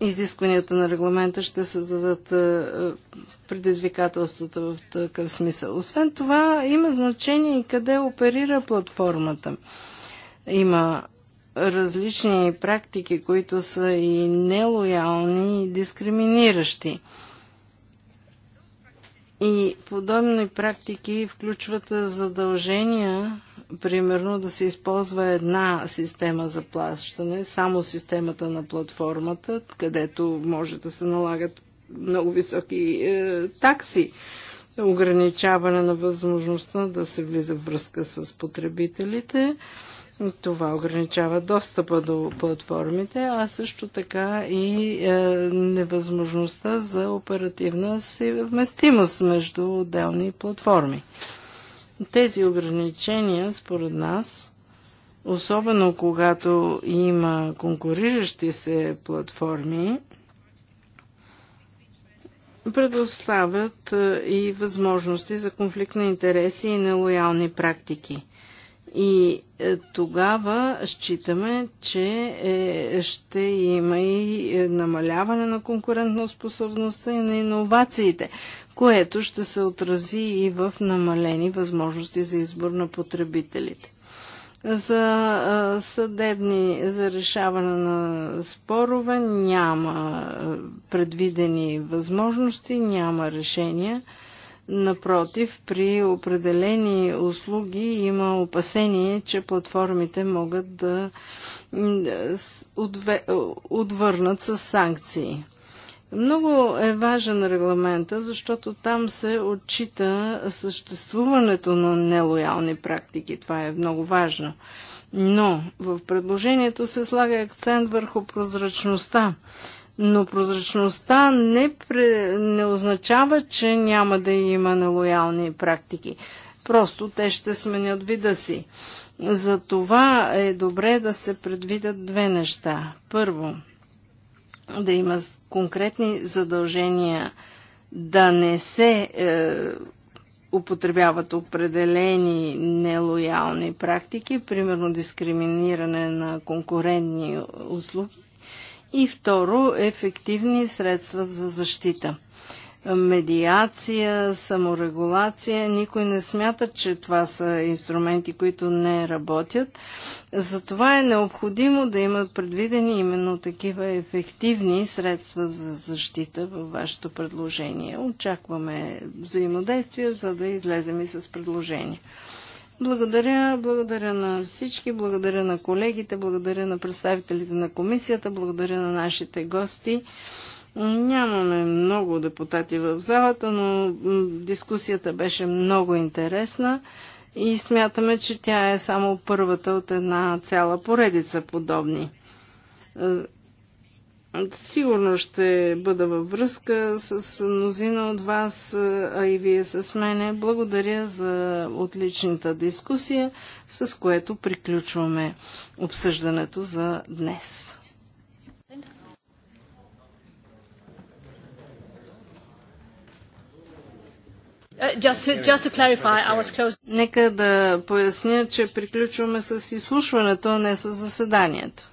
Изискванията на регламента ще се дадат е, е, предизвикателствата в такъв смисъл. Освен това, има значение и къде оперира платформата. Има различни практики, които са и нелоялни, и дискриминиращи. И подобни практики включват задължения, примерно да се използва една система за плащане, само системата на платформата, където може да се налагат много високи е, такси, ограничаване на възможността да се влиза в връзка с потребителите. Това ограничава достъпа до платформите, а също така и е, невъзможността за оперативна съвместимост между отделни платформи. Тези ограничения, според нас, особено когато има конкуриращи се платформи, предоставят е, и възможности за конфликт на интереси и нелоялни практики. И е, тогава считаме, че е, ще има и е, намаляване на конкурентоспособността и на иновациите, което ще се отрази и в намалени възможности за избор на потребителите. За съдебни, за решаване на спорове няма предвидени възможности, няма решения. Напротив, при определени услуги има опасение, че платформите могат да отвърнат с санкции. Много е важен регламента, защото там се отчита съществуването на нелоялни практики. Това е много важно. Но в предложението се слага акцент върху прозрачността но прозрачността не, пре, не означава, че няма да има нелоялни практики. Просто те ще сменят вида си. За това е добре да се предвидят две неща. Първо, да има конкретни задължения да не се е, употребяват определени нелоялни практики, примерно дискриминиране на конкурентни услуги и второ ефективни средства за защита. Медиация, саморегулация, никой не смята, че това са инструменти, които не работят. Затова е необходимо да имат предвидени именно такива ефективни средства за защита във вашето предложение. Очакваме взаимодействие, за да излезем и с предложение. Благодаря, благодаря на всички, благодаря на колегите, благодаря на представителите на комисията, благодаря на нашите гости. Нямаме много депутати в залата, но дискусията беше много интересна и смятаме, че тя е само първата от една цяла поредица подобни. Е, Сигурно ще бъда във връзка с мнозина от вас, а и вие с мене. Благодаря за отличната дискусия, с което приключваме обсъждането за днес. Uh, Нека да поясня, че приключваме с изслушването, а не с заседанието.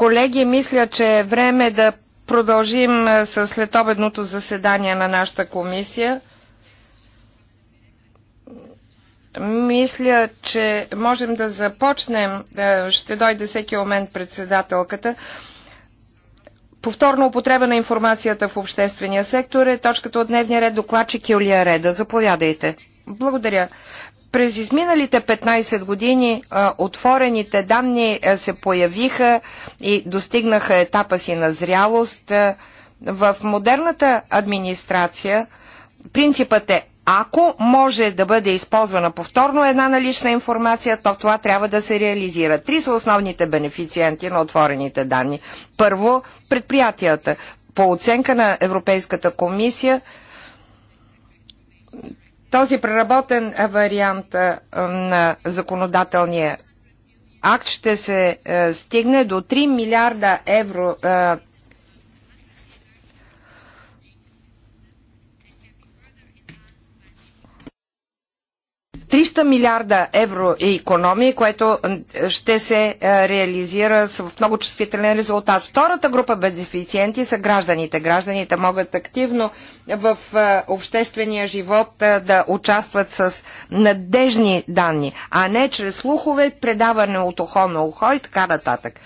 Колеги, мисля, че е време да продължим с следобедното заседание на нашата комисия. Мисля, че можем да започнем. Ще дойде всеки момент председателката. Повторно употреба на информацията в обществения сектор е точката от дневния ред докладчик Юлия Реда. Заповядайте. Благодаря. През изминалите 15 години а, отворените данни а, се появиха и достигнаха етапа си на зрялост. А, в модерната администрация принципът е ако може да бъде използвана повторно една налична информация, то това трябва да се реализира. Три са основните бенефициенти на отворените данни. Първо, предприятията. По оценка на Европейската комисия, този преработен вариант на законодателния акт ще се е, стигне до 3 милиарда евро е, 300 милиарда евро е економия, което ще се е, реализира с много чувствителен резултат. Втората група бенефициенти са гражданите. Гражданите могат активно в е, обществения живот е, да участват с надежни данни, а не чрез слухове, предаване от ухо на ухо и така нататък.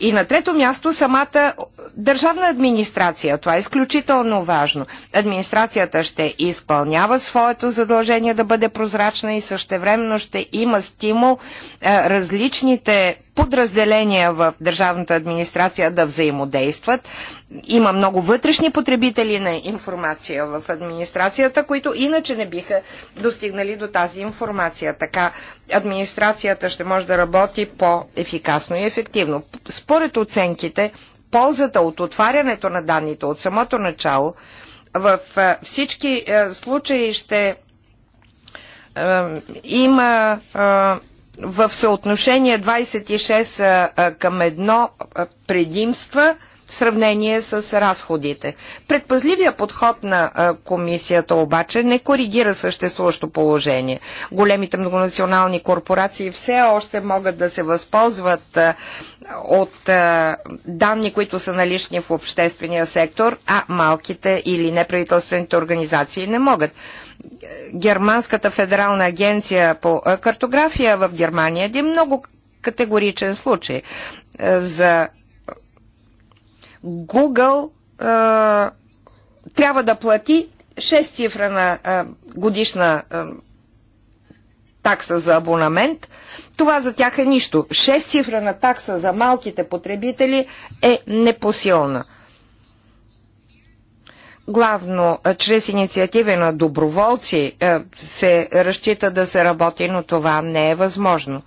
И на трето място самата държавна администрация. Това е изключително важно. Администрацията ще изпълнява своето задължение да бъде прозрачна и същевременно ще има стимул е, различните подразделения в държавната администрация да взаимодействат. Има много вътрешни потребители на информация в администрацията, които иначе не биха достигнали до тази информация. Така администрацията ще може да работи по-ефикасно и ефективно. Според оценките, ползата от отварянето на данните от самото начало в всички случаи ще има в съотношение 26 към 1 предимства – в сравнение с разходите. Предпазливия подход на комисията обаче не коригира съществуващо положение. Големите многонационални корпорации все още могат да се възползват от данни, които са налични в обществения сектор, а малките или неправителствените организации не могат. Германската федерална агенция по картография в Германия е един много категоричен случай за Google а, трябва да плати 6 цифра на а, годишна а, такса за абонамент. Това за тях е нищо. 6 цифра на такса за малките потребители е непосилна. Главно, чрез инициативи на доброволци се разчита да се работи, но това не е възможно.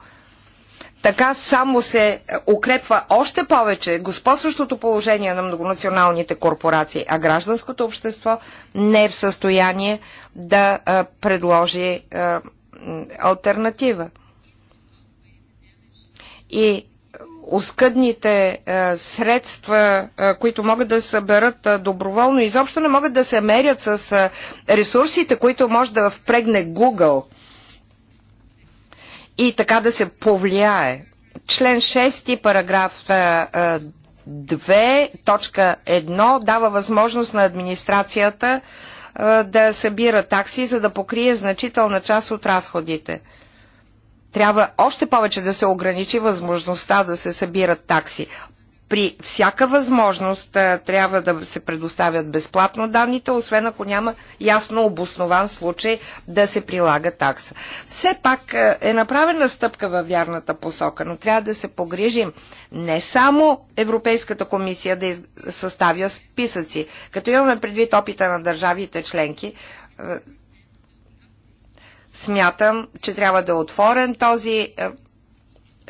Така само се укрепва още повече господстващото положение на многонационалните корпорации, а гражданското общество не е в състояние да предложи альтернатива. И оскъдните средства, които могат да съберат доброволно, изобщо не могат да се мерят с ресурсите, които може да впрегне Google – и така да се повлияе. Член 6, параграф 2, е, е, точка 1 дава възможност на администрацията е, да събира такси, за да покрие значителна част от разходите. Трябва още повече да се ограничи възможността да се събират такси при всяка възможност трябва да се предоставят безплатно данните, освен ако няма ясно обоснован случай да се прилага такса. Все пак е направена стъпка във вярната посока, но трябва да се погрижим не само Европейската комисия да съставя списъци, като имаме предвид опита на държавите членки, смятам, че трябва да е отворен този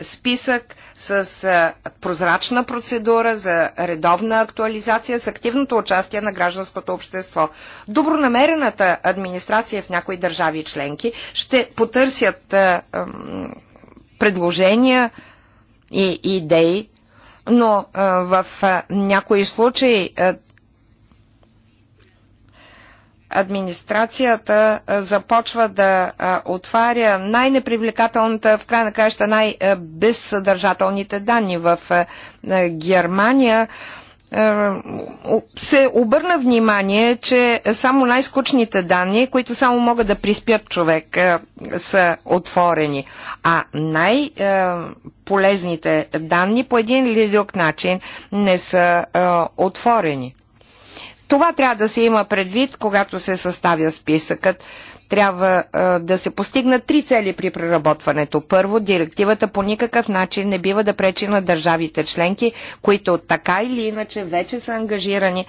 списък с прозрачна процедура за редовна актуализация с активното участие на гражданското общество. Добронамерената администрация в някои държави членки ще потърсят предложения и идеи, но в някои случаи администрацията започва да отваря най-непривлекателната, в край на краища най-безсъдържателните данни в Германия се обърна внимание, че само най-скучните данни, които само могат да приспят човек, са отворени, а най-полезните данни по един или друг начин не са отворени. Това трябва да се има предвид, когато се съставя списъкът. Трябва а, да се постигнат три цели при преработването. Първо, директивата по никакъв начин не бива да пречи на държавите членки, които така или иначе вече са ангажирани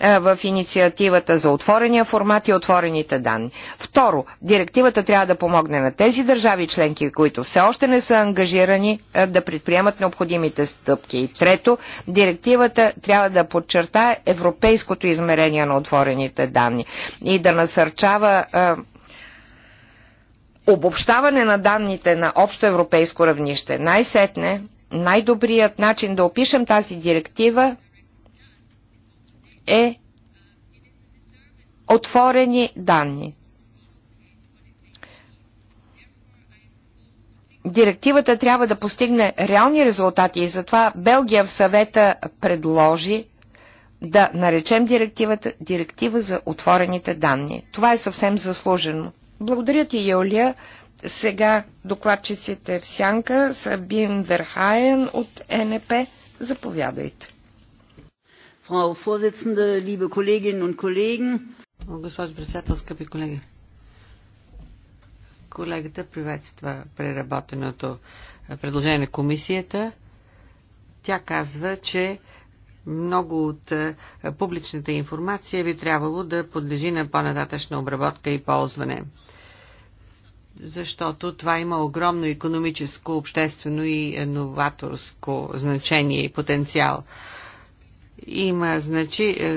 е, в инициативата за отворения формат и отворените данни. Второ, директивата трябва да помогне на тези държави членки, които все още не са ангажирани е, да предприемат необходимите стъпки. И трето, директивата трябва да подчертае европейското измерение на отворените данни и да насърчава е, обобщаване на данните на общо европейско равнище. Най-сетне, най-добрият начин да опишем тази директива е отворени данни. Директивата трябва да постигне реални резултати и затова Белгия в съвета предложи да наречем директивата директива за отворените данни. Това е съвсем заслужено. Благодаря ти, Юлия. Сега докладчиците в сянка са Бим Верхаен от НП. Заповядайте. Frau Vorsitzende, liebe Kolleginnen und Kollegen. Госпожо председател, скъпи колеги. Колегата приветства преработеното е, предложение на комисията. Тя казва, че много от е, публичната информация би трябвало да подлежи на по-нататъчна обработка и ползване. Защото това има огромно економическо, обществено и новаторско значение и потенциал. Има значи, е,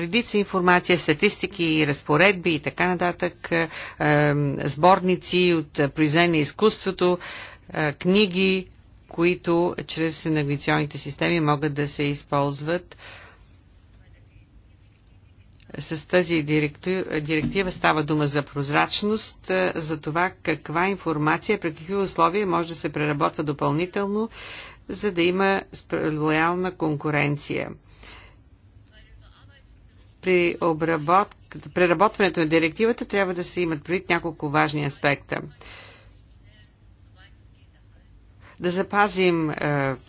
редица информация, статистики, разпоредби и така нататък, е, сборници от произведение изкуството, е, книги, които чрез навигационните системи могат да се използват. С тази директива става дума за прозрачност, за това каква информация, при какви условия може да се преработва допълнително, за да има лоялна конкуренция при преработването на директивата трябва да се имат предвид няколко важни аспекта. Да запазим е,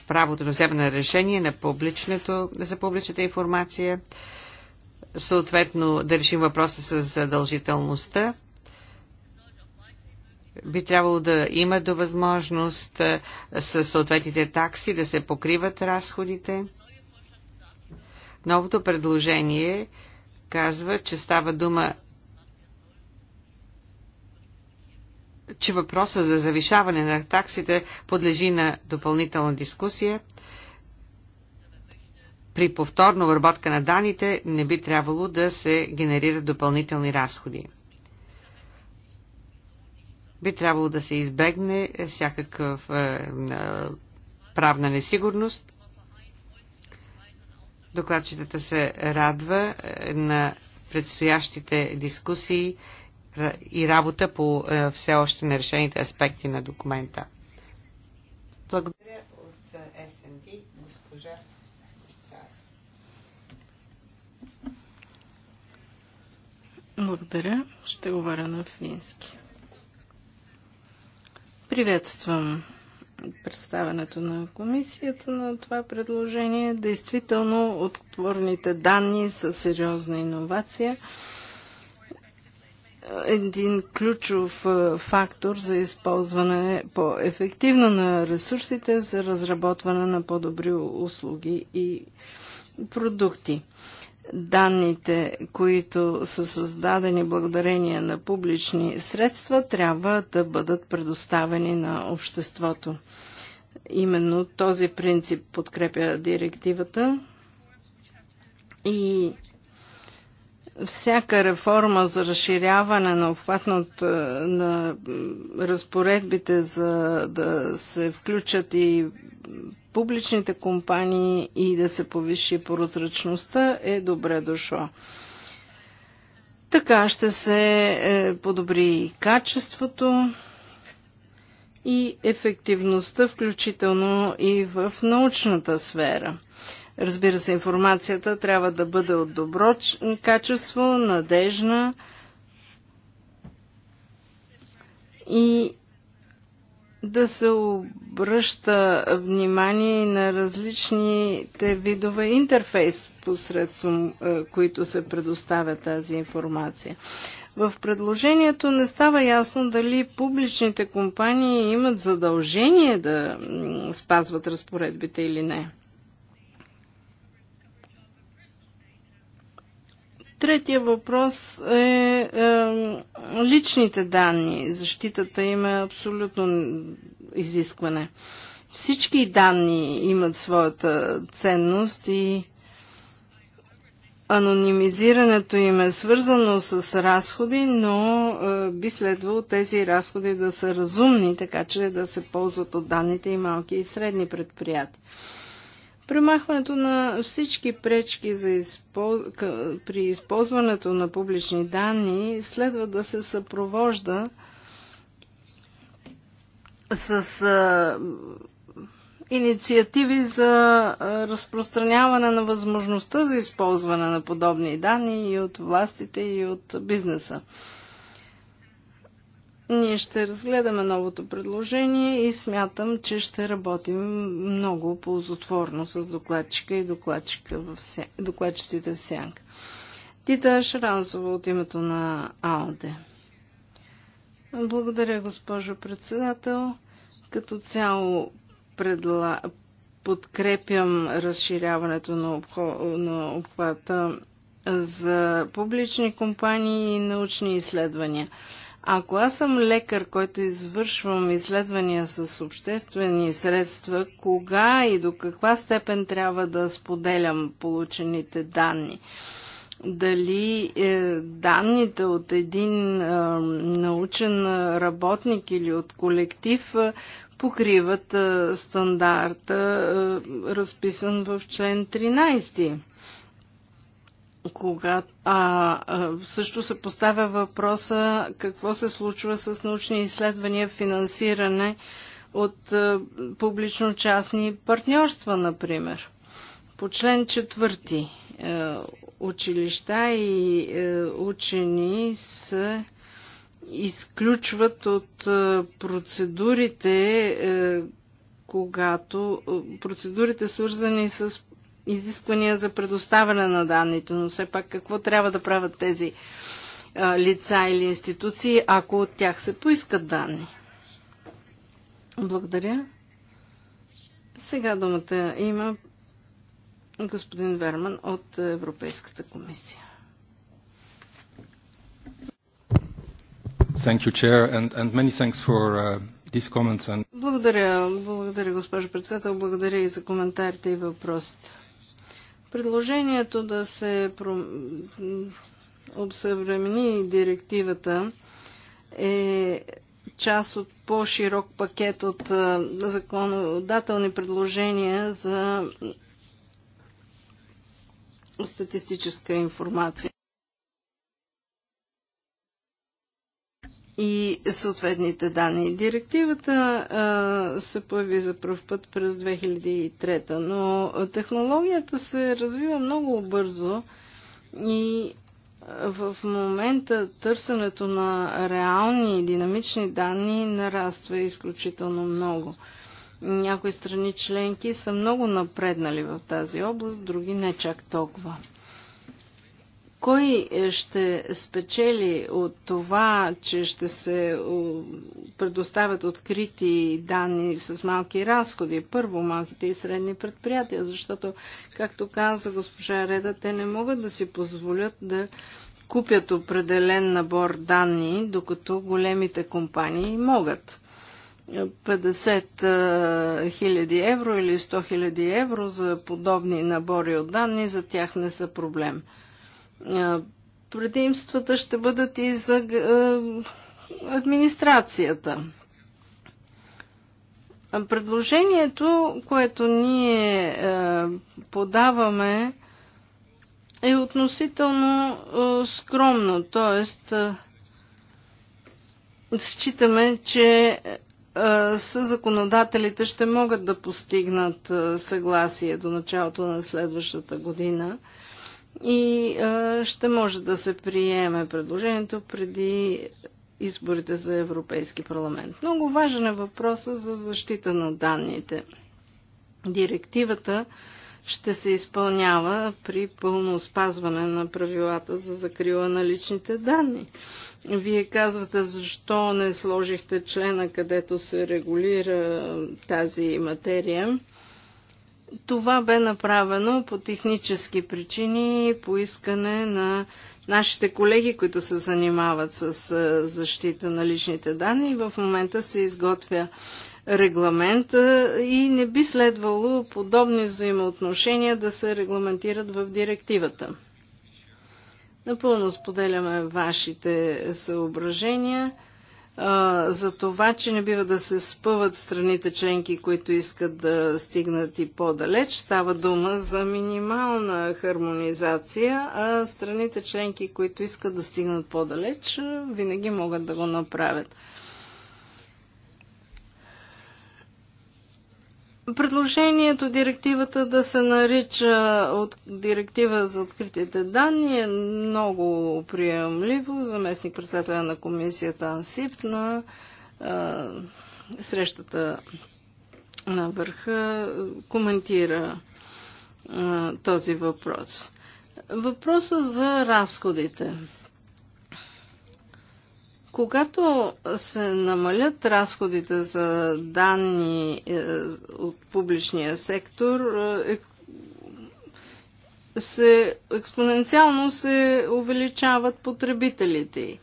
правото на вземане на решение на публичното, за публичната информация, съответно да решим въпроса с задължителността би трябвало да има до възможност е, с съответните такси да се покриват разходите. Новото предложение казва, че става дума че въпроса за завишаване на таксите подлежи на допълнителна дискусия. При повторна обработка на даните, не би трябвало да се генерират допълнителни разходи. Би трябвало да се избегне всякакъв е, е, правна несигурност Докладчетата се радва е, на предстоящите дискусии и работа по е, все още нерешените аспекти на документа. Благодаря от е, СНД, госпожа Благодаря. Ще говоря на фински. Приветствам представянето на комисията на това предложение. Действително, отворните данни са сериозна иновация. Един ключов е, фактор за използване по-ефективно на ресурсите за разработване на по-добри услуги и продукти данните, които са създадени благодарение на публични средства, трябва да бъдат предоставени на обществото. Именно този принцип подкрепя директивата и всяка реформа за разширяване на обхватното е, на разпоредбите за да се включат и публичните компании и да се повиши прозрачността е добре дошло. Така ще се е, подобри качеството и ефективността, включително и в научната сфера. Разбира се, информацията трябва да бъде от добро качество, надежна и да се обръща внимание на различните видове интерфейс, посредством е, които се предоставя тази информация. В предложението не става ясно дали публичните компании имат задължение да спазват разпоредбите или не. Третия въпрос е, е личните данни. Защитата им е абсолютно изискване. Всички данни имат своята ценност и анонимизирането им е свързано с разходи, но е, би следвало тези разходи да са разумни, така че да се ползват от данните и малки и средни предприятия. Премахването на всички пречки за изпол... при използването на публични данни следва да се съпровожда с а, инициативи за а, разпространяване на възможността за използване на подобни данни и от властите, и от бизнеса. Ние ще разгледаме новото предложение и смятам, че ще работим много ползотворно с докладчика и докладчика в ся... докладчиците в сянка. Тита Шаранзова от името на АОДЕ. Благодаря, госпожо председател. Като цяло предла... подкрепям разширяването на, обхо... на обхвата за публични компании и научни изследвания. Ако аз съм лекар, който извършвам изследвания с обществени средства, кога и до каква степен трябва да споделям получените данни? дали е, данните от един е, научен работник или от колектив е, покриват е, стандарта, е, разписан в член 13. Кога, а, а, също се поставя въпроса какво се случва с научни изследвания, финансиране от публично-частни партньорства, например. По член четвърти е, училища и е, учени се изключват от е, процедурите, когато процедурите свързани с изисквания за предоставяне на данните, но все пак какво трябва да правят тези лица или институции, ако от тях се поискат данни? Благодаря. Сега думата има господин Верман от Европейската комисия. Thank you, Chair, and, and many thanks for uh, these comments. And... Благодаря, благодаря, госпожо председател. Благодаря и за коментарите и въпросите. Предложението да се обсъвремени директивата е част от по-широк пакет от законодателни предложения за статистическа информация. и съответните данни. Директивата а, се появи за първ път през 2003, но технологията се развива много бързо и в момента търсенето на реални и динамични данни нараства изключително много. Някои страни членки са много напреднали в тази област, други не чак толкова. Кой е, ще спечели от това, че ще се предоставят открити данни с малки разходи? Първо, малките и средни предприятия, защото, както каза госпожа Реда, те не могат да си позволят да купят определен набор данни, докато големите компании могат. 50 000 е, евро или 100 хиляди евро за подобни набори от данни за тях не са проблем. Предимствата ще бъдат и за администрацията. Предложението, което ние подаваме, е относително скромно, т.е. считаме, че с законодателите ще могат да постигнат съгласие до началото на следващата година и а, ще може да се приеме предложението преди изборите за Европейски парламент. Много важен е въпросът за защита на данните. Директивата ще се изпълнява при пълно спазване на правилата за закрила на личните данни. Вие казвате, защо не сложихте члена, където се регулира тази материя. Това бе направено по технически причини, по искане на нашите колеги, които се занимават с защита на личните данни. В момента се изготвя регламент и не би следвало подобни взаимоотношения да се регламентират в директивата. Напълно споделяме вашите съображения за това, че не бива да се спъват страните членки, които искат да стигнат и по-далеч. Става дума за минимална хармонизация, а страните членки, които искат да стигнат по-далеч, винаги могат да го направят. Предложението директивата да се нарича от директива за откритите данни е много приемливо. Заместник председателя на комисията Ансип на а, срещата на върха коментира а, този въпрос. Въпросът за разходите. Когато се намалят разходите за данни е, от публичния сектор, е, е, се, експоненциално се увеличават потребителите.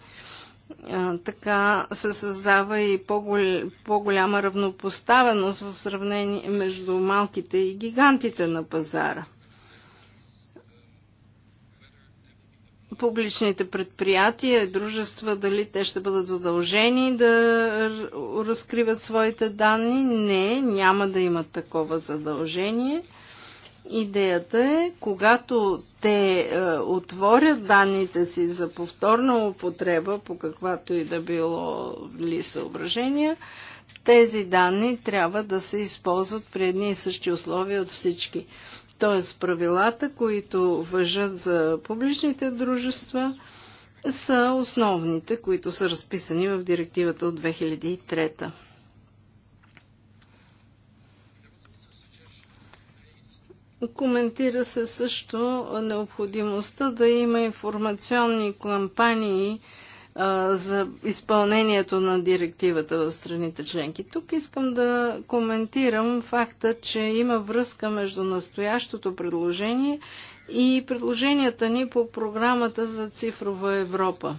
Така се създава и по-голяма равнопоставеност в сравнение между малките и гигантите на пазара. публичните предприятия, дружества, дали те ще бъдат задължени да разкриват своите данни. Не, няма да имат такова задължение. Идеята е, когато те е, отворят данните си за повторна употреба, по каквато и да било ли съображения, тези данни трябва да се използват при едни и същи условия от всички. Тоест правилата, които въжат за публичните дружества, са основните, които са разписани в директивата от 2003. Коментира се също необходимостта да има информационни кампании за изпълнението на директивата в страните членки. Тук искам да коментирам факта, че има връзка между настоящото предложение и предложенията ни по програмата за цифрова Европа.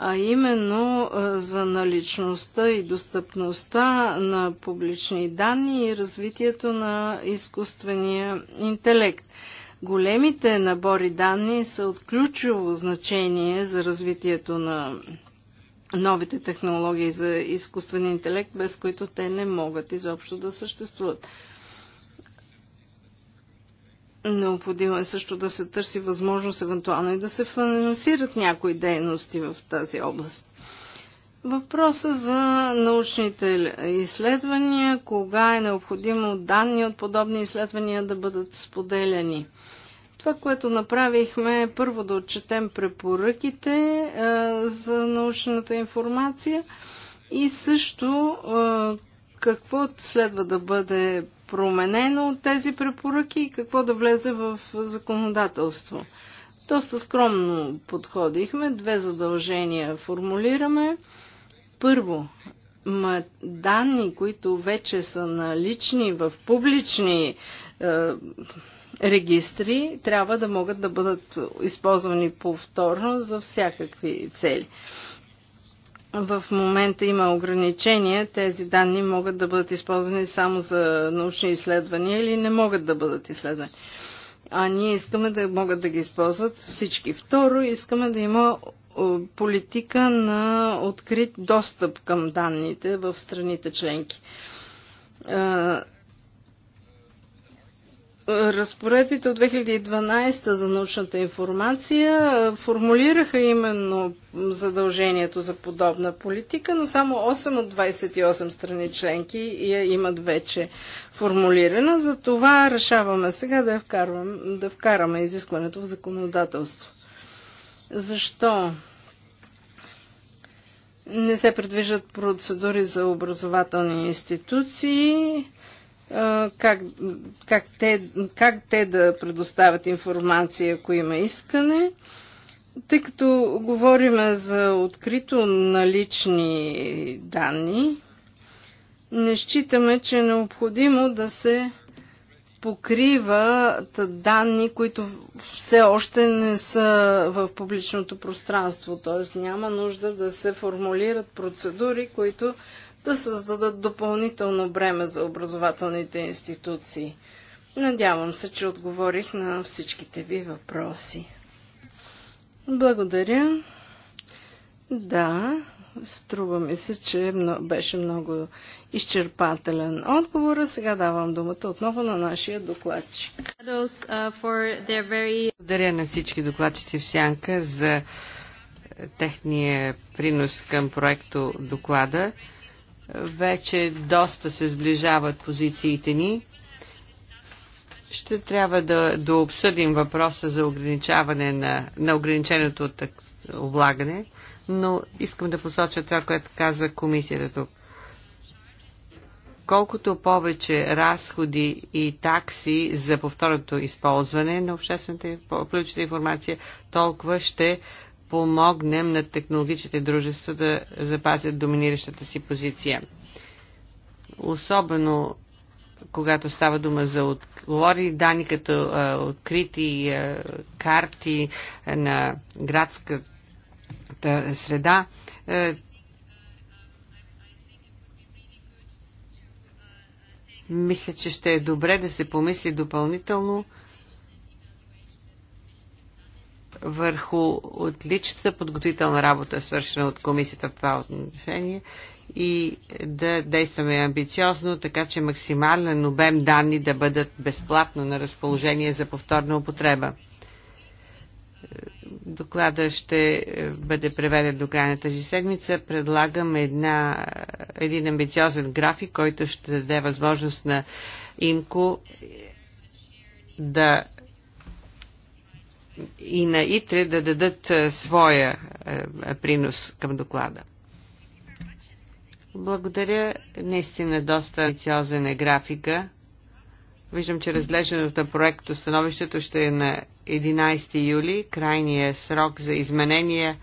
А именно за наличността и достъпността на публични данни и развитието на изкуствения интелект. Големите набори данни са от ключово значение за развитието на новите технологии за изкуствен интелект, без които те не могат изобщо да съществуват. Необходимо е също да се търси възможност евентуално и да се финансират някои дейности в тази област. Въпроса за научните изследвания, кога е необходимо данни от подобни изследвания да бъдат споделяни. Това, което направихме е първо да отчетем препоръките за научната информация и също какво следва да бъде променено от тези препоръки и какво да влезе в законодателство. Доста скромно подходихме, две задължения формулираме. Първо, данни, които вече са налични в публични регистри трябва да могат да бъдат използвани повторно за всякакви цели. В момента има ограничения. Тези данни могат да бъдат използвани само за научни изследвания или не могат да бъдат изследвани. А ние искаме да могат да ги използват всички. Второ, искаме да има политика на открит достъп към данните в страните членки разпоредбите от 2012 за научната информация формулираха именно задължението за подобна политика, но само 8 от 28 страни членки я имат вече формулирана. За това решаваме сега да, вкарвам, да вкараме изискването в законодателство. Защо? Не се предвиждат процедури за образователни институции как, как, те, как те да предоставят информация, ако има искане. Тъй като говорим за открито налични данни, не считаме, че е необходимо да се покриват данни, които все още не са в публичното пространство. Т.е. няма нужда да се формулират процедури, които да създадат допълнително бреме за образователните институции. Надявам се, че отговорих на всичките ви въпроси. Благодаря. Да, струва ми се, че беше много изчерпателен отговор. А сега давам думата отново на нашия докладчик. Благодаря на всички докладчици в Сянка за техния принос към проекто доклада. Вече доста се сближават позициите ни. Ще трябва да, да обсъдим въпроса за ограничаване на, на ограниченото облагане, но искам да посоча това, което каза комисията тук. Колкото повече разходи и такси за повторното използване на обществената информация, толкова ще помогнем на технологичните дружества да запазят доминиращата си позиция. Особено когато става дума за отговори дани като а, открити а, карти на градската среда, а, мисля, че ще е добре да се помисли допълнително върху отличната подготвителна работа, свършена от комисията в това отношение и да действаме амбициозно, така че максимален обем данни да бъдат безплатно на разположение за повторна употреба. Доклада ще бъде преведен до края на тази седмица. Предлагам една, един амбициозен график, който ще даде възможност на Инко да и на ИТРЕ да дадат е, своя е, принос към доклада. Благодаря. Наистина доста амбициозен е графика. Виждам, че разглеждането на проекто становището ще е на 11 юли. Крайният срок за изменения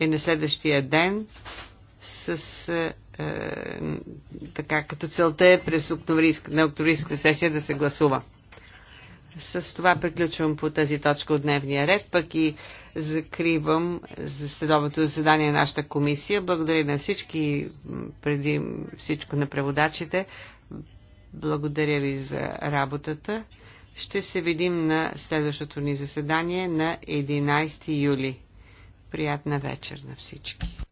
е на следващия ден с е, така, като целта е през на октомврийска сесия да се гласува. С това приключвам по тази точка от дневния ред, пък и закривам за следовото заседание на нашата комисия. Благодаря на всички, преди всичко на преводачите. Благодаря ви за работата. Ще се видим на следващото ни заседание на 11 юли. Приятна вечер на всички.